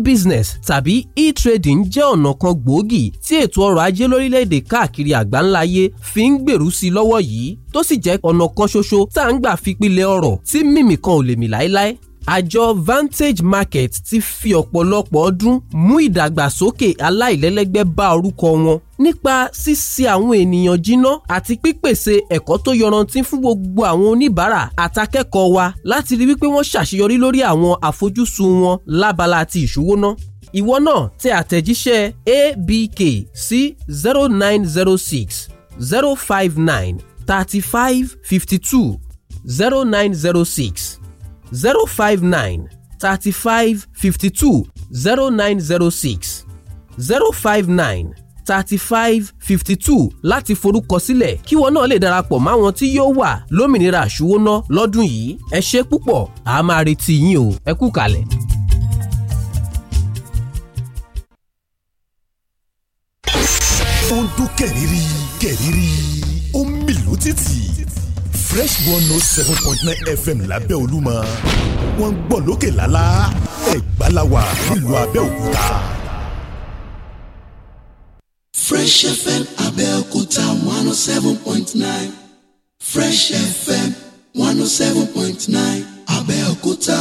e-business tàbí e-trading jẹ́ ọ̀nà kan gbòógì tí ètò ọrọ̀ ajé lórílẹ̀‐èdè káàkiri àgbáńláyé fi ń gbèrú sí i lọ́wọ́ yìí tó sì jẹ́ ọ̀nà kan ṣoṣo tá à ń gbà fi pilẹ̀ ọrọ̀ tí mímì ò lè mì láéláé àjọ Vantage Market ti fi ọ̀pọ̀lọpọ̀ ọdún mú ìdàgbàsókè aláìlẹ́lẹ́gbẹ́ bá orúkọ wọn nípa ṣíṣe àwọn ènìyàn jiná àti pípèsè ẹ̀kọ́ tó yọrantí fún gbogbo àwọn oníbàárà àtakẹ́kọ̀ọ́ wa láti rí wípé wọ́n ṣàṣeyọrí lórí àwọn àfojúsùn wọn lábala ti ìṣúwóná ìwọ náà tẹ àtẹ̀jíṣẹ́ abk sí zero nine zero six zero five nine thirty five fifty two zero nine zero six zero five nine thirty five fifty two zero nine zero six zero five nine thirty five fifty two láti forúkọsílẹ̀ kí wọn náà lè darapọ̀ máwọn tí yóò wà lómìnira àṣùwọ̀nà lọ́dún yìí ẹ ṣe púpọ̀ a máa retí yín o ẹ kú kalẹ̀. ó ń dún kẹ̀rìírí kẹ̀rìírí ó ń mìlú títì fresh one note oh seven point nine fm lábẹ́ olúmọ wọ́n ń gbọ́ lókè lálá ẹ̀gbá la wà nílùú abẹ́òkúta. fresh fm abẹ́òkúta one oh seven point nine fresh fm one oh seven point nine abẹ́òkúta.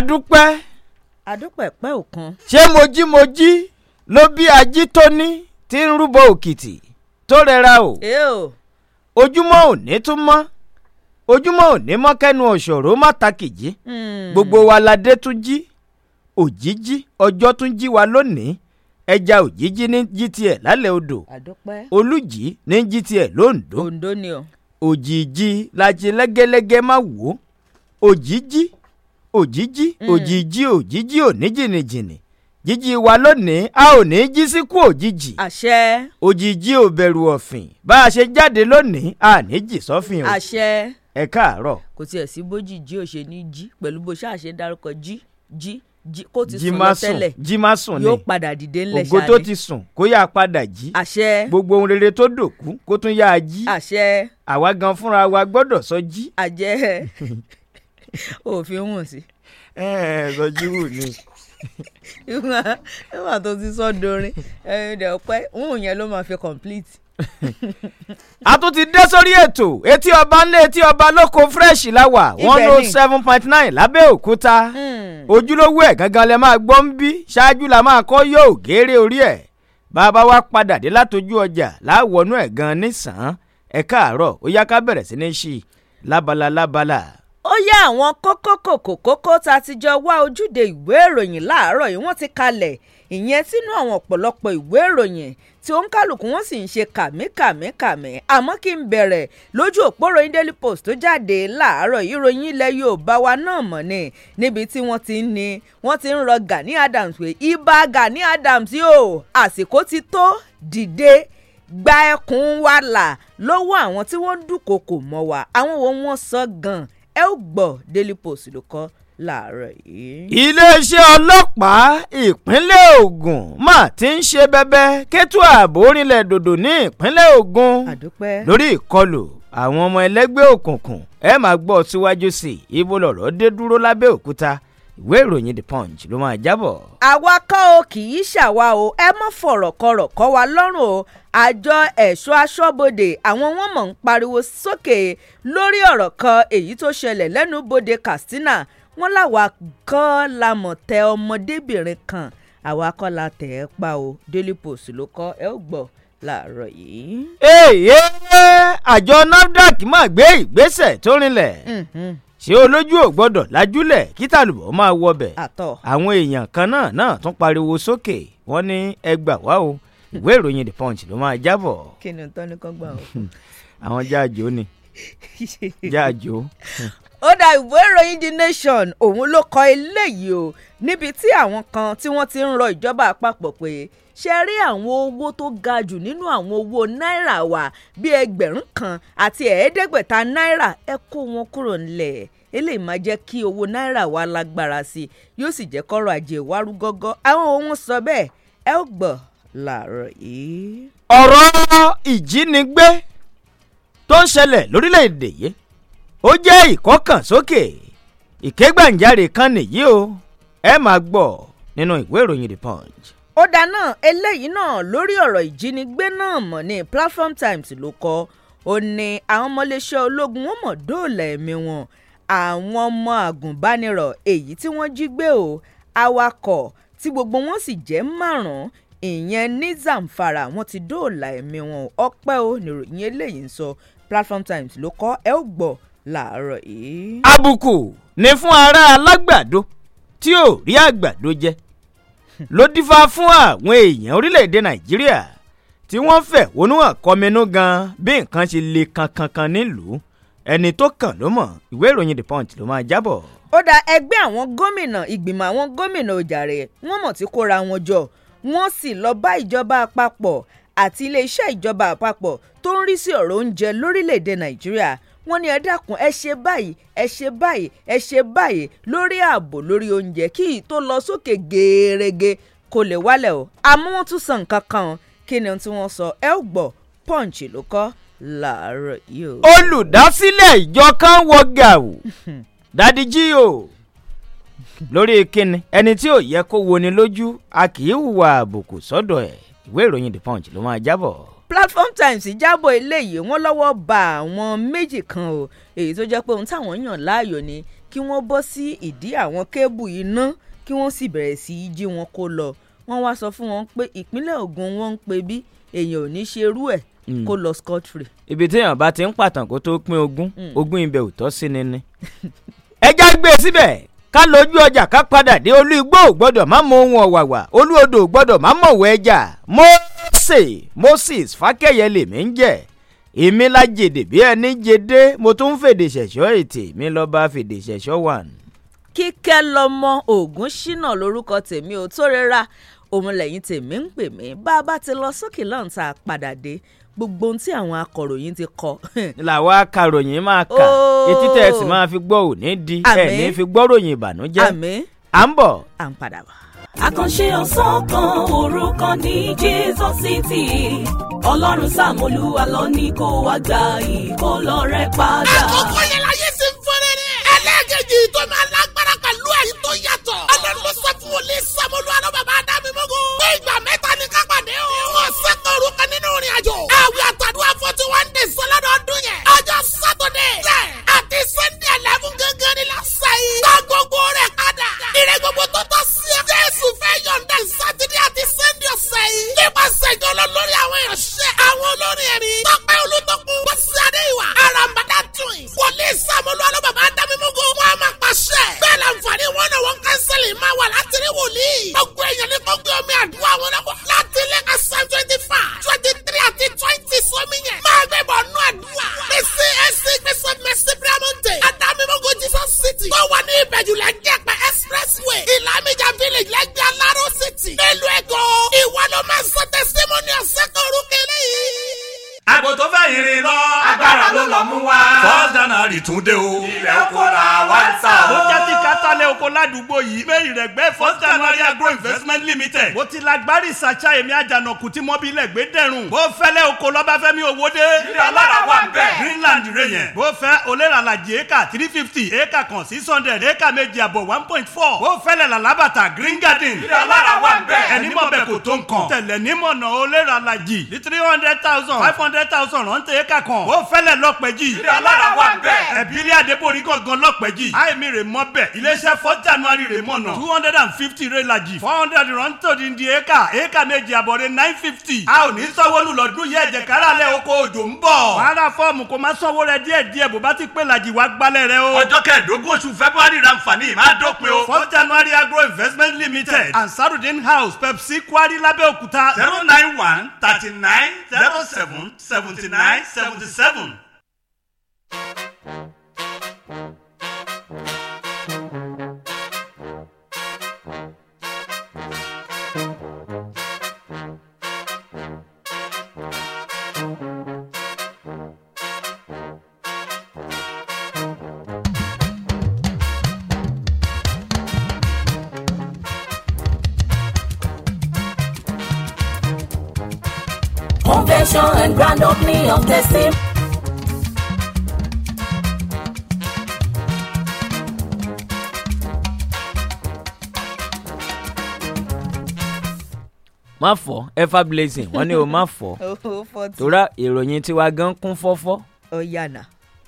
adúpẹ́. adúpẹ́ pẹ́ òkun. ṣé mojímojí ló bí ají tó ní tí ń rúbọ òkìtì tó rẹra o. ojúmọ́ ò ní tún mọ́ ojúmọ́ ò ní mọ́ kẹ́nu ọ̀ṣọ́rọ́ má takìjí. Hmm. gbogbo wa la dé tún jí òjíjí ọjọ́ tún jí wa lónìí ẹja òjíjí ní jí tiẹ̀ lálẹ́ odò olùjí ní jí tiẹ̀ lóńdó òjìjí lajì lẹ́gẹ́lẹ́gẹ́ má wò òjíjí òjijì mm. òjijì òjijì òníjìnìjìnì jíjí wa lónìí a ò ní jí síkú òjijì. àṣẹ. òjijì ò bẹ̀rù ọ̀fìn bá a ṣe jáde lónìí a ní jì sọ́fìn o. àṣẹ. ẹ káàárọ̀. kò tiẹ̀ sí bójì jí ò ṣe ní jí pẹ̀lú bó ṣáà ṣe dárúkọ jí jí jí kó ti sùn lọ tẹ́lẹ̀ jí má sùn ni yóò padà dìde ńlẹ̀ ṣáà ni ògo tó ti sùn kó yáa padà jí. àṣẹ. gbogbo ohun rere tó dòkú kó tún yáa jí. àṣẹ. àwa gan fúnra wa gbọ́dọ̀ sọ jí. àjẹ́ òfin wọn sí. ẹ ẹ sọjú wù ni nígbà tó ti sọ dorin ẹ̀ẹ́dẹ̀ ọpẹ́ òun yẹn ló máa fi complete. a tún ti dé sórí ètò etí ọba ńlẹ̀ etí ọba lóko fresh láwà one oh seven point nine lábẹ́òkúta hmm. ojúlówó ẹ̀ gangan lẹ máa gbọ́ ń bí ṣáájú la máa kọ́ yóò géèrè orí ẹ̀ bàbá wa padà dé látojú ọjà láwọnú ẹ̀ gan nísàn-án ẹ̀ káàárọ̀ ó yá ká bẹ̀rẹ̀ sí ní ṣí lábala lábala ó yá àwọn kókó kòkó kókó tá a ti jọ wá ojúde ìwé ìròyìn láàárọ̀ yìí wọ́n ti kalẹ̀ ìyẹn sínú àwọn ọ̀pọ̀lọpọ̀ ìwé ìròyìn tí ó ń kálukú wọn sì ń ṣe kàmíkàmíkàmí àmọ́ kí n bẹ̀rẹ̀ lójú òpóró ní Daily Post tó jáde láàárọ̀ ìròyìn ilẹ̀ Yorùbá wa náà mọ̀ ni níbi tí wọ́n ti ń ni wọ́n ti ń rọ Gani Adams pé ibà Gani Adams yóò àsìkò ti tó dìde gba ẹkùn wa là lọ́wọ́ àwọn tí wọ́n ń dúnkokò mọ́ wa àwọn wo wọ́n sọ gan-an ẹ ó gbọ́ Daily Post ló kọ láàárọ̀ yìí. iléeṣẹ́ ọlọ́pàá ìpínlẹ̀ Ògùn mà ti ń ṣe bẹbẹ kẹ́tù ààbò orinlẹ̀ dòdò ní ìpínlẹ̀ Ògùn lórí ìkọlù àwọn ọmọ ẹlẹ́gbẹ́ òkùnkùn ẹ máa gbọ́ síwájú sí i ibo lọ̀rọ̀ dé dúró lábẹ́ òkúta ìwé ìròyìn the punch ló máa jábọ̀. àwa kọ́ o kì í ṣàwa o ẹ mọ́ fọ̀rọ̀kọrọ̀ kọ́ wa lọ́rùn o àjọ ẹ̀ṣọ́ aṣọ́bodè àwọn wọn mọ̀ ń pariwo sókè lórí ọ̀rọ̀ kan èyí tó ṣẹlẹ̀ lẹ́nu bodè Katsina wọn làwa kọ́ la tẹ ọmọdébìnrin kan àwa kọ́ la tẹ̀ ẹ́ pa o Daily Post ló kọ́ ẹ ó gbọ́ láàárọ̀ yìí. èèyàn àjọ NAFDAC máa gbé ìgbésẹ̀ tó rinlẹ̀. Mm-hmm ṣé olójú ò gbọ́dọ̀ lajúlẹ̀ kí tàlùbọ̀ máa wọbẹ̀ àwọn èèyàn kan náà náà tún pariwo sókè wọ́n ní ẹ gbà wá o ìwé ìròyìn the punch ló máa jábọ̀. kí ni tọ́ni kan gbà o. àwọn jáàjó ni jáàjó ó dá ìwé ìròyìn the nation òun ló kọ eléyìí o níbi tí àwọn kan tí wọ́n ti ń rọ ìjọba àpapọ̀ pé ṣe rí àwọn owó tó ga jù nínú àwọn owó náírà wa bíi ẹgbẹ̀rún kan àti ẹ̀ẹ́dẹ́gbẹ̀ta náírà ẹ kó wọn kúrò ńlẹ̀ eléyìí máa jẹ́ kí owó náírà wa lágbára sí i yóò sì jẹ́ kọ́rọ̀ ajé wa rú gọ́gọ́ àwọn ohun sọ bẹ́ẹ̀ ẹ ó gbọ́ làárọ̀ yìí. ọ̀rọ̀ ìjínigbé tó ń ṣẹlẹ̀ lórílẹ̀‐èdè yìí ó jẹ́ ìkọ́kànsókè ìkégbàǹjarè kan nìyí o ẹ máa gbọ́ nínú ìwé ìròyìn the punch. ó dáná eléyìí náà lórí ọ̀rọ̀ ìjínigbé náà mọ̀ ní platform times ló kọ ó ní àwọn ọmọléṣẹ́ ológun wọn mọ̀ dóòlà ẹ̀mí wọn àwọn ọmọ àgùnbánirọ̀ èyí tí wọ́n jí gbé o awakọ̀ tí gbogbo wọn sì jẹ́ márùn-ún ìyẹn ní zamfara wọn ti dóòlà ẹ̀mí wọn ọpẹ́ o níròyìn eléyìí ń sọ platform times ló kọ ẹ ó gbọ́ làárọ̀ yìí. àbùkù ni fún ará alágbàdo tí ò rí àgbàdo jẹ ló dífá fún àwọn èèyàn orílẹ̀-èdè nàìjíríà tí wọ́n fẹ̀hónú hàn kọminú gan bí nǹkan ṣe le kankankan nílùú ẹni tó kàn ló mọ̀ ìwé ìròyìn the punch ló máa jábọ̀. ó dá ẹgbẹ́ àwọn gómìnà ìgbìmọ̀ àwọn gómìnà òjàrè wọ́n mọ̀ tí kóra wọn jọ wọ́n sì lọ bá ìjọba àpapọ̀ àti iléeṣẹ́ ìjọba àpapọ̀ tó ń rí sí ọ̀rọ̀ oúnjẹ lórílẹ̀‐èdè nàìjíríà wọ́n ní ẹ dákun ẹ ṣe báyìí ẹ ṣe báyìí ẹ ṣe báyìí lórí ààbò lórí oúnjẹ kí ì tó lọ sókè gèrègè kò lè wálẹ̀ o àmọ́ wọ́n tún san nǹkan kan kí ni tí wọ́n sọ ẹ ó gbọ́ punch ló kọ́ làárọ̀ yìí. olùdásílẹ̀ ìjọ kan wọ gàù hmm. dádì jí o lórí kíni ẹni tí ò yẹ kó woni lójú a kì í hùwà àbùkù sọ́dọ̀ ẹ̀ ìwé ìròyìn the punch ló máa jábọ̀. Platform Times jábọ̀ eléyìí wọ́n lọ́wọ́ ba àwọn méjì kan o èyí tó jẹ́ pé ohun táwọn yàn láàyò ni kí wọ́n bọ́ sí ìdí àwọn kébù iná kí wọ́n sì bẹ̀rẹ̀ sí í jí wọn kó lọ wọ́n wá sọ fún wọn pé ìpínlẹ̀ Ògùn wọn ń pe bí èèyàn ò ní ṣe irú ẹ̀ hmm. kó lọ scot free. ibi téèyàn bá ti ń pàtàn kó tó pín ogún hmm. ogún ibẹ̀ ò tọ́ sí ni ni. ẹ já gbé e síbẹ̀ ká lójú ọjà ká padà dé olú igbó gbọ́dọ̀ má mọ ohun ọ̀wàwà olú odò gbọ́dọ̀ má mọ̀wọ́ ẹja mọ́ mose moses fàkẹyẹ lèmi ń jẹ èmi la jèdè bí ẹni jèdè mo tún ń fèdè ṣẹ̀ṣọ́ ètè mi lọ bá fèdè ṣẹ̀ṣọ́ wà. kíkẹ́ lọmọ ògùn ṣínà lórúkọ tèmi ò tó rẹ́ra òun lẹ́yìn tèmi ń pè mí bá a bá ti lọ sókè lọ́ǹta padà dé gbogbo ohun tí àwọn akọ̀ròyìn ti kọ. làwọn akọ̀ròyìn máa kà etí tẹ̀ máa fi gbọ́ òní di ẹ̀ ní fi gbọ́ròyìn ìbànújẹ́ à ń bọ̀ à ń padà bọ̀ àkànṣe ọ̀sán kan òru ní Jesus City ọlọ́run sàmúlùwà lọ ní kó wá gba ìkólọ rẹ padà. àkókò yẹn la yé sí fúnni ni. ẹlẹ́gẹ̀jì tó máa lágbára pẹ̀lú ẹ̀yìn tó yàtọ̀. ọlọ́run ló sọ fún wòlíì sàmúlùwà lọ bàbá adámi mọ́gò. pé ìgbà mẹ́ta ni ká pàdé o. wọ́n sẹ́kọ̀ òru nínú ìrìn àjò. àwẹ̀ àtàdúrà forty one days lọ́dọọdún yẹn. ọjọ́ sátọ̀dẹ̀ àti sunday eleven gángan ni lásán yìí. gbàgbogbo rẹ̀ padà. ìjọ olórí àwọn èèyàn ṣiṣẹ́ àwọn olórí ẹ̀rí. tọ́pẹ́ olùtọ́kùn wọ́n ṣe adé ìwà. ara ń bàdá tún yìí. wọlé ìsàmúlò alábàbà adámímúgò wọn a máa pàṣẹ. bẹ́ẹ̀ la nfààní wọn náà wọn kánsẹ́lì máa wà láti rí wòlíì. ọgbẹ́ ìyẹn ní kọ́gbẹ́ omi àdúrà wọn náà wọ́n ìrìn lọ. agbára ló lọ mú wa. first january tún dé o. ilẹ̀ oko la wá ń sá o. ló jẹ́ ti kátàlẹ̀ oko ládùúgbò yìí. ìwé ìrẹ̀gbẹ́ first january agro investment limited. mo ti lágbárí ìsàchá èmi àjànàkú tí mọ́bílẹ̀ gbé dẹ̀rùn. bó fẹ́lẹ́ oko lọ́ba fẹ́mi owó dé. ilé alára wà bẹ́ẹ̀. greenland rẹ yẹn. bó fẹ́ olérànlájì éka three fifty éka kan six hundred éka méjì àbọ̀ one point four. bó fẹ́lẹ̀ làlábàtà green garden. ilé alára wà bẹ́ẹ̀. ẹni mọ̀ bẹ́ẹ̀ kò tó nǹkan. tẹ̀lẹ̀ nímọ̀nà olérànlájì ní three hundred thousand five hundred thousand ọ̀ǹtẹ̀ yẹ ká kan. ó fẹ́lẹ̀ lọ́pẹ́jì. ilé alára wà bẹ́ẹ̀. ẹ̀bílẹ̀ adébórí gangan lọ́pẹ́jì. àìmí rè mọ́ bẹ́ẹ̀. iléeṣẹ́ fọ́ january rè mọ́ náà. two hundred and fifty rẹ́lajì. four hundred rántòdì di éka méje àbọ̀rẹ̀ nine fifty. a ò ní sanwó lù lọ́dún yẹ ẹ̀jẹ̀ káràlẹ̀ oko òjò ń bọ̀. wàhálà fọ́ọ̀mù kò má sanwó rẹ díẹ̀ díẹ̀ bó bá ti pé lajì wá gbalẹ̀ seventy nine. nine, seven to seven. joy of the sim. má fọ ẹfà blessing wọn ní o má fọ oh, Tora ìròyìn tiwa gan kún fọ́fọ́ oh,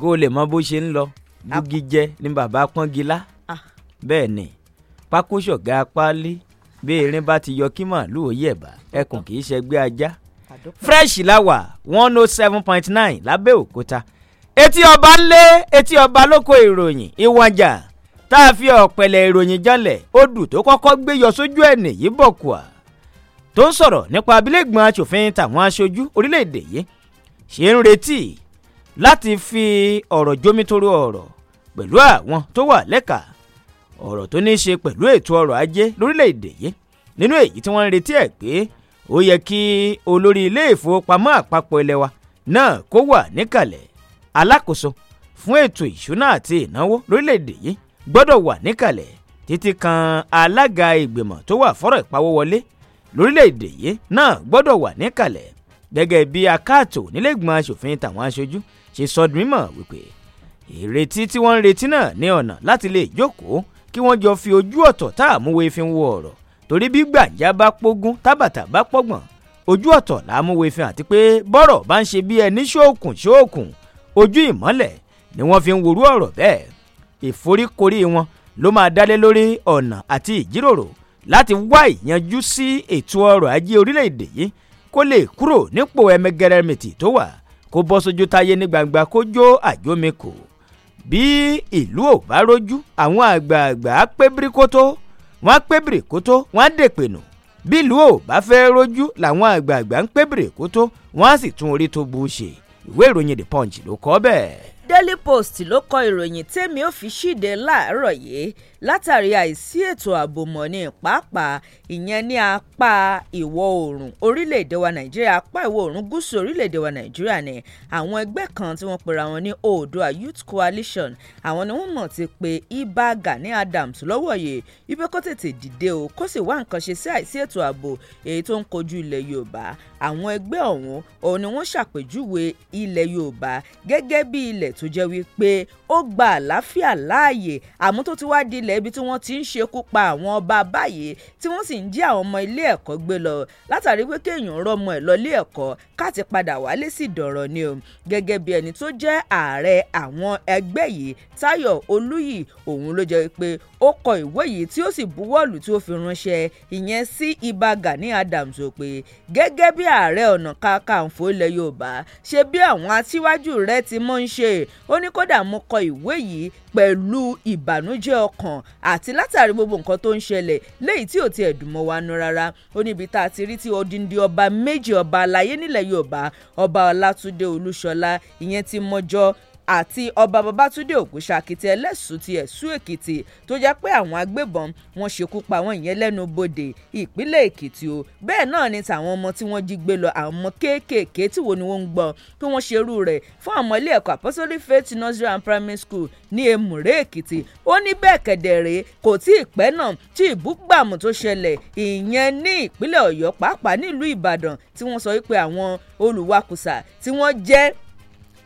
kó o lè mọ bó ṣe ń lọ búgi jẹ ni bàbá pọ́ngilá ah. bẹ́ẹ̀ ni pákó ṣọ̀gá pálí bí erin bá ti yọ kí màálù òye ẹ̀bà ẹkùn kì í ṣẹgbẹ́ ajá fresh láwà one oh seven point nine lábẹ́òkúta etí ọba ńlé etí ọba lóko ìròyìn ìwọ̀njà tá a fi ọ̀pẹ̀lẹ̀ ìròyìn janlẹ̀ odù tó kọ́kọ́ gbé yọ sójú ẹ̀ nìyí bọ̀kùà tó ń sọ̀rọ̀ nípa abilégbọ̀n aṣòfin tàwọn aṣojú orílẹ̀-èdè yìí ṣe ń retí láti fi ọ̀rọ̀ jomitoro ọ̀rọ̀ pẹ̀lú àwọn tó wà lẹ́ka ọ̀rọ̀ tó ní í ṣe pẹ̀lú ètò ọrọ̀ ajé lórílẹ̀-èdè yìí nínú èyí tí wọ́n ń retí ẹ̀ pé ó yẹ kí olórí ilé ìfowópamọ́ àpapọ̀ ilẹ̀ wa náà kó wà níkàlẹ̀ alákòóso fún ètò ìṣúná àti ìnáwó lórílẹ̀‐èdè yìí gbọ́dọ̀ wà níkàlẹ̀ títí kan alága ìgbìmọ̀ tó wà fọ́rọ̀ ìpawówọlé lórílẹ̀‐èdè yìí náà gbọ́dọ̀ wà níkàlẹ̀ gẹ́gẹ́ bí akáàtò nílẹ̀gbọ̀n asòfin tàwọn aṣojú ṣe sọdún mímọ̀ wípé ìrètí tí wọ́n ń retí náà ní ọ̀nà láti lè jókòó kí wọ́n jọ fi ojú ọ̀tọ̀ tá àmúwe fi ń wo ọ̀rọ̀ torí bí gbàǹjà bá pógún tábàtà bá pọ́gbọ̀n ojú ọ̀tọ̀ làmúwefin àti pé bọ́rọ̀ bá ń ṣe bí ẹni ṣóòkùn ṣóòkùn ojú ìmọ́lẹ̀ ni wọ́n fi ń worú ọ̀rọ̀ bẹ́ẹ̀ ìforíkorí wọn ló máa dálé lórí ọ̀nà àti ìjíròrò láti wá ìyanjú sí ètò ọrọ̀ ajé orílẹ̀-èdè yìí kó lè kúrò nípò ẹmẹgẹrẹmìtì tó wà kó bọ́ sójú táyé ní gbangba kó jó àjómi kò bí ìlú ò bá rójú àwọn àgbààgbà pé bíríkótó wọ́n pé bìrìkótó wọ́n dèpènù bílù ò bá fẹ́ rojú làwọn àgbààgbà ń pé bìrìkótó wọ́n á sì tún orí tó bu ṣe ìwé ìròyìn the punch ló kọ bẹ́ẹ̀. Daily Post ló kọ ìròyìn tèmi ò fi ṣíde láàárọ̀ yìí látàrí àìsí ètò ààbò mọ̀ ní pàápàá ìyẹn ní apá ìwọ̀ oòrùn orílẹ̀-èdè wa nàìjíríà apá ìwọ̀ oòrùn gúúsù orílẹ̀-èdè wa nàìjíríà ni àwọn ẹgbẹ́ kan tí wọ́n pera wọn ní oòdua youth coalition àwọn ni wọ́n mọ̀ ti pe ibà gani adams lọ́wọ́ yìí ibi kó tètè dìde o kó sì wá nǹkan ṣe sí àìsí ètò ààbò èyí tó ń kojú ilẹ̀ yorùbá àwọn ẹgbẹ́ ọ̀hún òun ni wọ́n ṣàpèjúwe ilẹ̀ yorùbá gẹ́gẹ́ bí ilẹ̀ tó jẹ́ wípé ó gba àlàáfíà láàyè àmọ́ tó ti wá di ilẹ̀ ilẹ̀ ibi tí wọ́n ti ń ṣekú pa àwọn ọba báyìí tí wọ́n sì ń jí àwọn ọmọ ilé ẹ̀kọ́ gbé lọ látàrí pé kéèyàn rọmọ ẹ̀ lọ́lé ẹ̀kọ́ káàti padà wálé sí dọ̀rọ̀ ni o gẹ́gẹ́ bí ẹni tó jẹ́ ààrẹ àwọn ẹgbẹ́ yìí táyọ̀ olúyì òun ló jẹ́ pé ó kọ ìwé yìí tí ó sì buwọ́lù tí ó fi ránṣẹ́ ìyẹn sí ibà Gani Adams ó pé gẹ́gẹ́ bí ààrẹ ọ̀nà kakanfò ilẹ̀ Yorùbá ṣe bí àwọn aṣíwájú rẹ ti mọ́ ń ṣe ó ní kódà mo kọ ìwé yìí pẹ̀lú ìbànújẹ́ ọkàn àti látàrí gbogbo nǹkan tó ń ṣẹlẹ̀ léyìí tí ò ti ẹ̀dùn mọ́ wa nu rárá ó níbi tá a ti rí ti odindi ọba méjì ọba aláyé nílẹ̀ Yorùbá ọba Ọlátúndé Olúṣọlá ìyẹn ti mọ́jọ́ àti ọba babátúndé ògúnṣàkìtì ẹlẹ́sùn ti ẹ̀sùn èkìtì tó jẹ́ pé àwọn agbébọn wọn ṣekú pa àwọn ìyẹn lẹ́nu bodè ìpínlẹ̀ èkìtì o bẹ́ẹ̀ náà ni tàwọn ọmọ tí wọ́n jí gbé lọ àwọn ọmọ kéékèèké tí wo ni wọ́n ń gbọ́ kí wọ́n ṣerú rẹ̀ fún àwọn ilé ẹ̀kọ́ apostolic faith nursery and primary school ní emure èkìtì ó ní bẹ́ẹ̀ kẹ̀dẹ̀ rèé kò tí ì pẹ́ náà tí ìbúgbàmù tó ṣẹlẹ̀ ìyẹn ní ìpínlẹ̀ ọ̀yọ́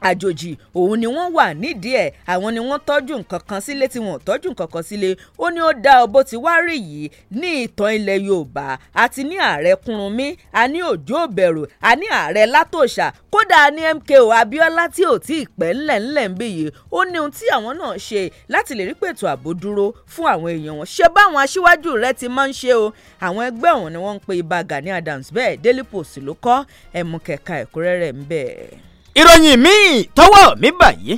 àjòjì òun ni wọ́n wà nídìí ẹ̀ àwọn ni wọ́n tọ́jú nǹkan kan sílé tí wọ́n tọ́jú nǹkan kan sílé ó ní ó dá ọ bó ti wá rí yìí ní ìtàn ilẹ̀ yorùbá àti ní ààrẹ kúrúnmí a ní òjò bẹ̀rù a ní ààrẹ látòṣà kódà a ní mko abiola tí ò tí ì pẹ́ ńlẹ̀ ńlẹ̀ ń bí yìí ó ní ohun tí àwọn náà ṣe láti lè rí pètò ààbò dúró fún àwọn èèyàn wọn ṣe báwọn aṣíwájú rẹ ti máa ń ṣe o àwọn ẹgbẹ́ ọ̀hún ni wọ́n ń pe ibà Gani Adams bẹ́ẹ̀ Daily Post ló kọ́ ẹ̀mú kẹ̀ka ẹ̀kúnrẹ́rẹ́ ń bẹ́ẹ̀ ìròyìn míì tọ́wọ́ mi bà yìí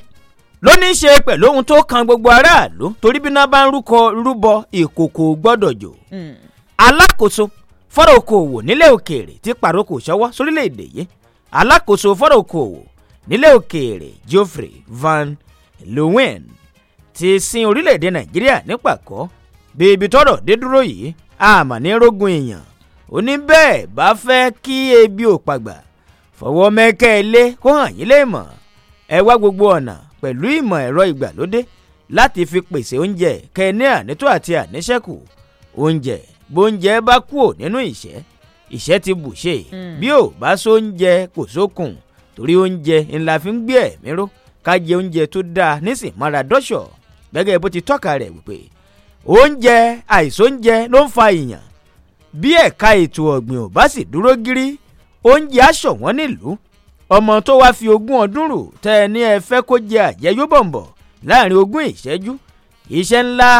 ló ní í ṣe pẹ̀lú ohun tó kan gbogbo aráàlú torí bí náà bá ń rúkọ rúbọ ìkòkò gbọ́dọ̀ jò hmm. alákòóso fọ́rọ̀ okòòwò nílẹ̀ òkèèrè ti pàrókò ṣọwọ́ sórílẹ̀ yìí alákòóso fọ́rọ̀ okòòwò òkèèrè Geoffrey Van Leeuwen ti sin orílẹ̀‐èdè Nàìjíríà nípàkọ́ bí ibi tọ́rọ̀ dé dúró yìí àmọ́ ní rógun èèyàn ó ní bẹ́ẹ̀ bá fẹ́ kí ebi ò pàgbà fọwọ́ mẹ́kẹ́lé kó hàn yín lè mọ̀ ẹ wá gbogbo ọ̀nà pẹ̀lú ìmọ̀ ẹ̀rọ ìgbàlódé láti fi pèsè oúnjẹ kẹ́ni ànító àti àníṣẹ́kù oúnjẹ bóúnjẹ bá kúò nínú ìṣẹ́ ìṣẹ́ ti bù ṣe hmm. bí ò bá sóúnjẹ kò sókun torí oúnjẹ ńlá fi ń gbé ẹ̀mí ró ká jẹ oúnjẹ tó dáa nísìn mara dọ́ṣọ̀ gẹ́gẹ́ bó ti tọ́ka rẹ̀ wípé oúnjẹ àìsóúnjẹ ló ń fa ìyàn bí ẹ̀ka ètò ọ̀gbìn ò bá sì dúró gírí oúnjẹ aṣọ̀wọ́n nílùú ọmọ tó wá fi ogún ọdún rò tẹ́ ẹ ní ẹ fẹ́ kó jẹ àjẹyó bọ̀m̀bọ̀ láàrin ogún ìṣẹ́jú iṣẹ́ ńlá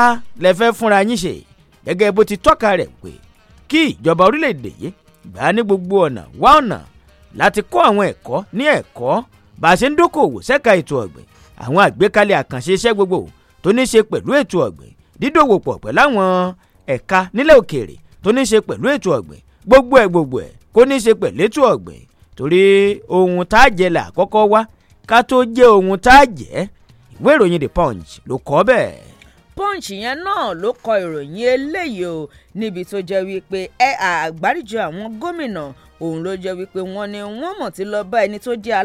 lẹ fẹ́ fúnra yín ṣe gẹ́gẹ́ bó ti tọ́ka rẹ̀ pé kí ìjọba orílẹ̀-èdè yìí gbà á ní gbogbo ọ̀nà wá ọ̀nà láti kọ́ àwọn ẹ̀kọ́ ní ẹ̀kọ́ bá a ṣe ń dókòwò ṣẹ́ka ètò ọ̀gbìn àwọn àgbékalẹ̀ àkànṣe iṣẹ́ gbogbo tó ní ṣe pẹ̀lú ètò ọ̀gbìn dídòwò pọ̀ ẹ̀ka nílẹ̀ òkèèrè tó ní ṣe pẹ̀lú ètò ọ̀gbìn gbogbo ẹ̀ gbogbo ẹ̀ kó ní í ṣe pẹ̀lẹ́tù ọ̀gbìn torí ohun tá a jẹ là kọ́kọ́ wá ká tó jẹ́ ohun tá a jẹ́ ìwé ìròyìn the punch ló kọ bẹ́ẹ̀. punch yẹn náà ló kọ ìròyìn eléyìí o níbi tó jẹ́ wípé ẹ àgbáríjọ àwọn gómìnà òun ló jẹ́ wípé wọ́n ní wọ́n mọ̀ tí lọ bá ẹni tó jẹ́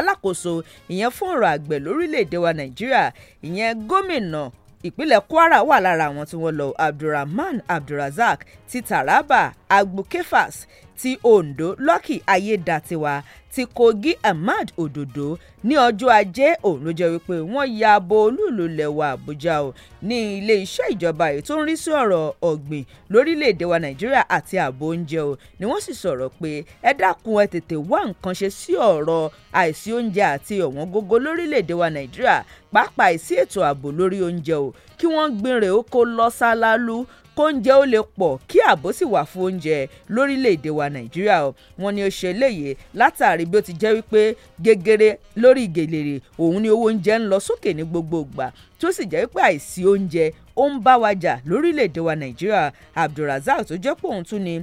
alákòóso ìyẹn fún ọ̀rọ̀ àgbẹ̀ lórílẹ̀‐èdè wa nàìjíríà ìyẹn gómìnà ìpínlẹ̀ kwara wà lára àwọn tí wọ́n lọ abdulrahman abdulrasaq ti taraba agbukefas ti ondo lucky ayédatiwa ti kogi ahmad òdòdó ní ọjọ́ ajé òun ló jẹ́ wípé wọ́n ya bo olúùlú lẹ̀wà àbújá o ní ilé-iṣẹ́ ìjọba èyí tó ń rí sí ọ̀rọ̀ ọ̀gbìn lórílẹ̀‐èdè wa nàìjíríà àti ààbò oúnjẹ o ni wọ́n sì sọ̀rọ̀ pé ẹ dákun ẹ tètè wá nǹkan ṣe sí ọ̀rọ̀ àìsí oúnjẹ àti ọ̀wọ́n gógó lórílẹ̀‐èdè wa nàìjíríà pàápàá àìsí ètò ààbò lórí oúnjẹ o kí wọ́n gbin rè oko lọ ṣáláàlú kóúnjẹ ó lè pọ̀ kí ààbò sì wà fún oúnjẹ lórílẹ̀‐èdè wa nàìjíríà o wọn ni ó ṣe léyè látàrí bí ó ti jẹ́ wípé gegere lórí gèlèrè òun ni owó oúnjẹ ń lọ sókè ní gbogbo ìgbà tó sì jẹ́ wípé àìsí oúnjẹ ó ń bá wa jà lórílẹ̀‐èdè wa nàìjíríà abdulrasaq tó jẹ́ pé òun tún ni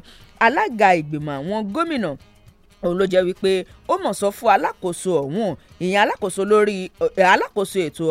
alága ìgbìmọ̀ àwọn gómìnà òun ló jẹ́ wípé ó mọ̀ sọ fún alákòóso ọ̀hún ìyẹn alákòóso lórí alákòóso ètò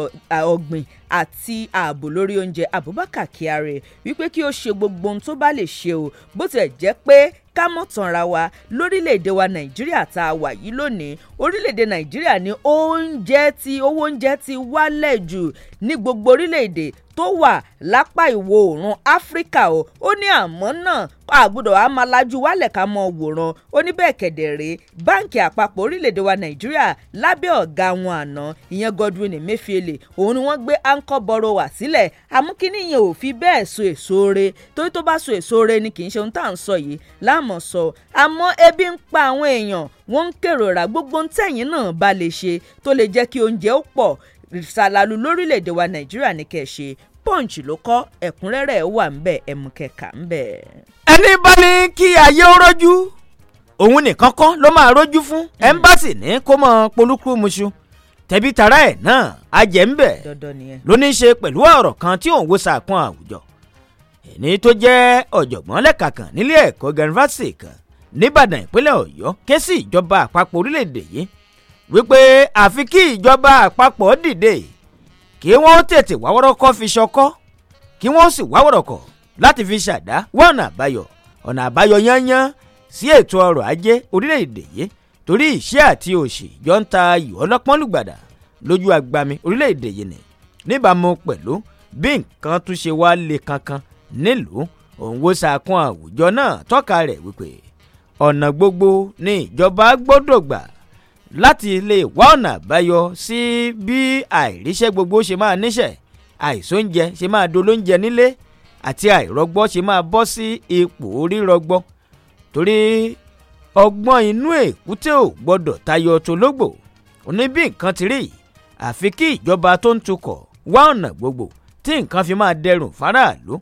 ọ̀gbìn àti ààbò lórí oúnjẹ Abubakar Kyari wípé kí ó ṣe gbogbo ohun tó bá lè ṣe o bó tilẹ̀ jẹ́ pé ká mọ̀ tanra wa lórílẹ̀‐èdè wa nàìjíríà tá a wà yìí lónìí orílẹ̀‐èdè nàìjíríà ní oúnjẹ tí owó oúnjẹ ti wálẹ̀ jù ní gbogbo orílẹ̀‐èdè tó wà lápá ìwọ̀ oòrùn áfíríkà o ó ní àmọ́ náà àgbọ̀dọ̀ á máa lajú wálẹ̀ ká mọ wòran ó ní bẹ́ẹ̀ kẹ̀dẹ̀ rèé báǹkì àpapọ̀ orílẹ̀-èdè wa nàìjíríà lábẹ́ ọ̀gá wọn àná ìyẹn Godwin Emefiele òun ni wọ́n gbé anchor borrower sílẹ̀ àmúkíní yẹn ò fi bẹ́ẹ̀ so èso re torí tó bá so èso re ni kì í ṣe ohun tá à ń sọ yìí láàmọ̀ sọ àmọ́ ebi ń pa àwọn èèyàn wọ́n ń kérora gbogbo ń tẹ̀yìn náà bá lè ṣe tó lè jẹ́ kí oúnjẹ ó pọ̀ ṣàlàlù lórílẹ̀‐èdè wa nàìjíríà ní kẹ́ punch ló kọ ẹ̀kúnrẹ́rẹ́ wà ń bẹ ẹmu kẹka ń bẹ. ẹni bá ní kí ayé ó rọ́jú òun nìkan kọ́ ló máa rọ́jú fún hmm. ẹ́mbáàsì ní kó mọ polúkú muṣu tẹ̀bí tara ẹ̀ náà ajẹ́ ń bẹ ló ní í ṣe pẹ̀lú ọ̀rọ̀ kan tí òun wo sàkún àwùjọ ẹni tó jẹ́ ọ̀jọ̀gbọ́n lẹ́ka kan nílé ẹ̀kọ́ gẹ̀rẹ́fàsì kan níbàdàn ìpínlẹ̀ ọ̀yọ́ ké sí ìjọba àpapọ̀ orílẹ̀-èdè yìí wípé àfi kí ìjọba àpapọ̀ dìde kí wọ́n tètè wá wọ́rọ́kọ́ fi ṣọkọ́ kí wọ́n sì wá wọ́rọ́kọ́ láti fi ṣàdá wọ́n ọ̀nà àbáyọ ọ̀nà àbáyọ yányán sí ètò ọrọ̀ ajé orílẹ̀-èdè yìí torí ìṣẹ́ àti òṣì jọ ń ta ayò ọlọ́pọ́n lùgbàdà lójú agbami orílẹ̀-èdè yìí ni níbàámu pẹ̀lú bí nǹkan tún ṣe wá le kankan nílùú òun wo sàkún àwùjọ náà tọ́ka rẹ̀ wípé ọ̀nà gbogbo ni ìjọba gbọ́dọ̀ gbà láti lè wá ọ̀nà àbáyọ sí bí àìríṣẹ́ gbogbo ṣe máa níṣẹ̀ àìsóúnjẹ ṣe máa dolóúnjẹ nílé àti àìrọ́gbọ́ ṣe máa bọ́ sí ipò rírọgbọ́ torí ọgbọ́n inú èkúté ò gbọ́dọ̀ tayọ tológbò òní bí nǹkan ti rí àfi kí ìjọba tó ń tukọ̀ wá ọ̀nà gbogbo tí nǹkan fi máa dẹrùn fáráàlú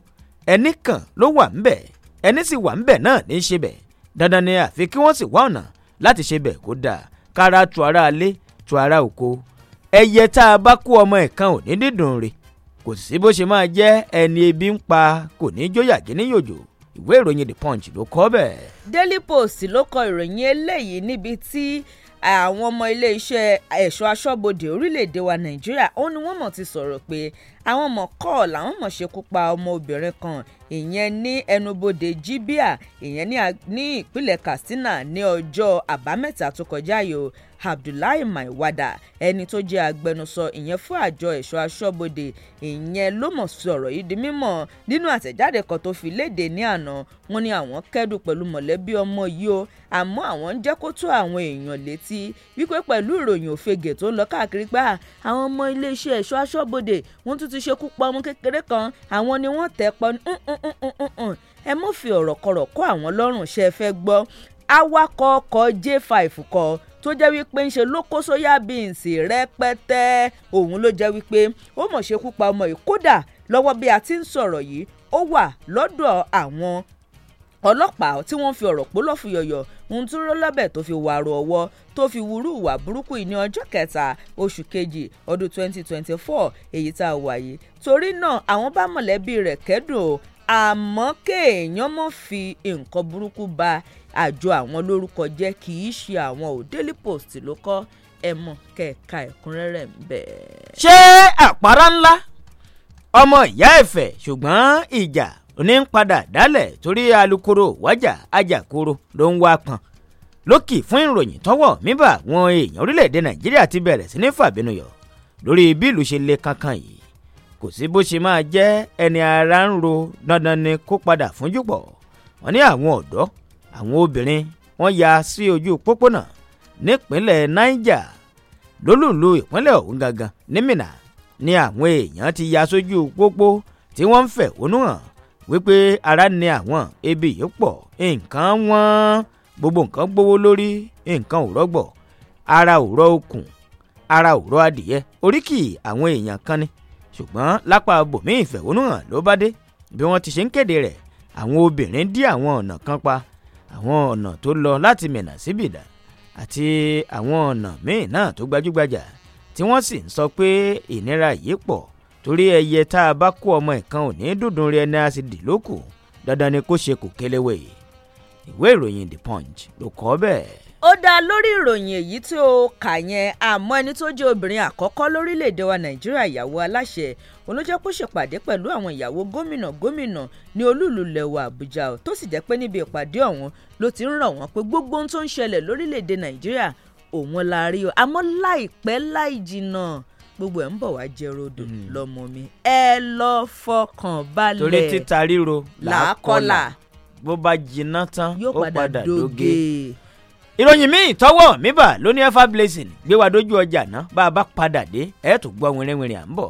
ẹnì kan ló wà ńbẹ̀ ẹni sì wà ńbẹ̀ náà ní í ṣe bẹ̀ dandan ni àfi kí wọ́n sì wá ọ̀nà láti ṣe bẹ̀ kó dáa kára tu alé tu ara ẹyẹ tá a bá kó ọmọ ìkan ò ní dídùn rè kò sí bó ṣe máa jẹ́ ẹni ebi ń pa kò ní jóyà kí ní yòjò ìwé ìròyìn the punch ló kọ bẹ́ẹ̀. daily post ló kọ ìròyìn eléyìí níbi tí àwọn ọmọ iléeṣẹ́ ẹ̀ṣọ́ aṣọ́bodè orílẹ̀-èdè wa nàìjíríà ó ní wọ́n mọ̀ ti sọ̀rọ̀ pé àwọn ọmọ kọ́ làwọn mọ̀ ṣekú pa ọmọbìnrin kan ìyẹn ní ẹnubodè jibia ìyẹn ní ìpínlẹ̀ katsina ní ọjọ́ àbámẹ́ta tó kọjá yìí abdullahi maiwada ẹni tó jẹ́ agbẹnusọ ìyẹn fún àjọ ẹ̀ṣọ́ aṣọ́bodè ìyẹn ló mọ̀ sọ̀rọ̀ yìí di mímọ̀ nínú àtẹ̀jáde kan tó fi léde ní àná wọn ni àwọn kẹ́dùn pẹ̀lú mọ̀lẹ́bí ọmọ yìí o àmọ́ àwọn ń jẹ́ kó tó àwọn èèyàn létí wípé pẹ̀lú ìròyìn òfegè tó ń lọ káàkiri pé àwọn ọmọ iléeṣẹ́ ẹ̀ṣọ́ aṣọ́bodè wọ́n tún ti ṣekú pa ọmọ kékeré kan àwọn ni wọ́n tẹ̀ pọ̀ ẹ mọ̀ fi ọ̀rọ̀ kọ̀rọ̀ kọ́ àwọn lọ́rùn ṣe fẹ́ gbọ́ awakọ̀ ọkọ̀ j5 kọ tó jẹ́ wípé ń ṣe ló kó sóyà bíǹsì rẹpẹtẹ òun ló jẹ́ wípé ó mọ̀ ṣe kú pa ọmọ yìí kódà lọ́wọ́ bí a ti ń sọ̀rọ̀ yìí ó wà lọ́dọ̀ àwọn ọlọ́pàá tí wọ́n fi ọ̀rọ̀ pólọ́fù yọ̀yọ̀ ń dúró lọ́bẹ̀ tó fi wàrò ọwọ́ tó fi wúrú ìwà burúkú yìí ní ọjọ́ kẹta oṣù kejì ọdún 2024 èyí tá a wà yìí torí náà àwọn bá mọ̀lẹ́bí rẹ̀ kẹ́dùn àmọ́ kéèyàn mọ̀ fi nǹkan burúkú ba àjọ àwọn lórúkọ jẹ́ kì í ṣe àwọn ò Daily Post ló kọ́ ẹ mọ̀ kẹ̀ka ẹ̀kúnrẹ́rẹ́ ń bẹ̀. ṣé àpárá ńlá ọmọ ìyá ẹ̀fẹ̀ ṣùgbọ́n ìjà òní ń padà dálẹ̀ torí alukoro wájà ajakoro ló ń wá pọn lókì fún ìròyìn tọ́wọ́ mímbà àwọn èèyàn orílẹ̀-èdè Nàìjíríà ti bẹ̀rẹ̀ sí ní fàbínú yọ lórí bí ìlú ṣe le kankan yìí kò sí bó ṣe máa jẹ́ ẹni ara ń ro dandan ni kó padà fúnjú pọ̀ wọ́n ní àwọn ọ̀dọ́ àwọn obìnrin wọ́n ya sí ojú pópónà nípínlẹ̀ Niger lólùlù ìpínlẹ̀ ọ̀hún gangan ní Minna ni àwọn èèyàn ti ya sójú pópó tí wọ́n ń fẹ̀hónú hàn wípé ara ni àwọn ebi yìí pọ̀ nǹkan wọ́n gbogbo nǹkan gbówó lórí nǹkan ò rọ́gbọ̀ ara ò rọ́ okùn ara ò rọ́ adìyẹ oríkì àwọn èèyàn kan ni ṣùgbọ́n lápá bòmí ìfẹ̀hónúhàn ló bá dé bí wọ́n ti ṣe ń kéde rẹ̀ àwọn obìnrin dí àwọn ọ̀nà kan pa àwọn ọ̀nà tó lọ láti Mẹ̀nà sí Bìdà àti àwọn ọ̀nà míì náà tó gbajúgbajà tí wọ́n sì ń sọ pé ìnira yìí pọ̀ torí ẹyẹ tá a bá kó ọmọ ìkan ò ní dùndùn rí ẹni a sì dì lóko dandan ni kó ṣe kò kéléwé ìwé ìròyìn The Punch ló kọ bẹ́ẹ̀ ó dá lórí ìròyìn èyí tí ó kà yẹn àmọ́ ẹni tó jẹ́ obìnrin àkọ́kọ́ lórílẹ̀ wa nàìjíríà ìyàwó aláṣẹ olójẹ́kù ṣèpàdé pẹ̀lú àwọn ìyàwó gómìnà gómìnà ní olúùlú lẹ̀wọ̀ àbújá tó sì jẹ́ pé níbi ìpàdé ọ̀hún ló ti ń rọ̀ wọ́n pé gbogbo ohun tó ń ṣẹlẹ̀ lórílẹ̀‐èdè nàìjíríà òun la rí o àmọ́ láìpẹ́ láì jìnnà gbogbo ẹ̀ ń bọ̀ wá jẹ́ rodò hmm. lọ́mọ mi ẹ lọ fọkàn balẹ̀ torí títa ríro làákọ́là bó bá jinná tán ó padà dóge ìròyìn míì tọwọ́ mi bà lóní ẹfà blazing gbé wa dójú ọjà náà bá a bá padà dé ẹ tó gbọ́ wìnrìnwìnrìn à ń bọ̀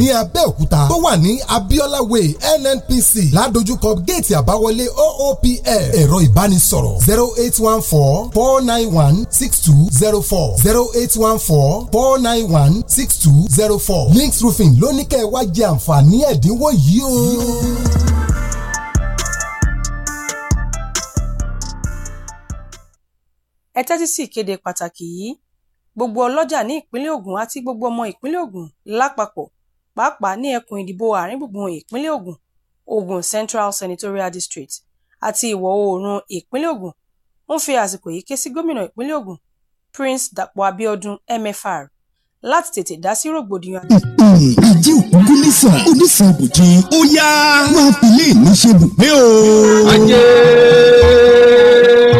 ní abẹ́òkúta tó wà ní abiola way nnpc ládojúkọ géètì àbáwọlé oopf ẹ̀rọ ìbánisọ̀rọ̀ zero eight one four four nine one six two zero four zero eight one four four nine one six two zero four links roofing lóníkẹ́ kẹ́ ẹ wá jẹ àǹfààní ẹ̀dínwó yìí o. ẹ tẹ́tí sí ìkéde pàtàkì yìí gbogbo ọlọ́jà ní ìpínlẹ̀ Ògùn àti gbogbo ọmọ ìpínlẹ̀ Ògùn lápapọ̀ pàápàá ní ẹkùn ìdìbò àárín-gbùngbùn Ìpínlẹ̀ Ògùn (Ogun Central Senatorial District) àti ìwọ̀-oòrùn Ìpínlẹ̀ Ògùn, ń fi àsìkò yìí ké sí Gómìnà Ìpínlẹ̀ Ògùn Prince Dapo Abiodun (MFR) láti tètè dásí rògbòdìyàn àjèjì. Ìjì òkúńkú nísàn, onísàn bòjì, ó yá. Wá filé mi ṣe bùgbé o. Ajé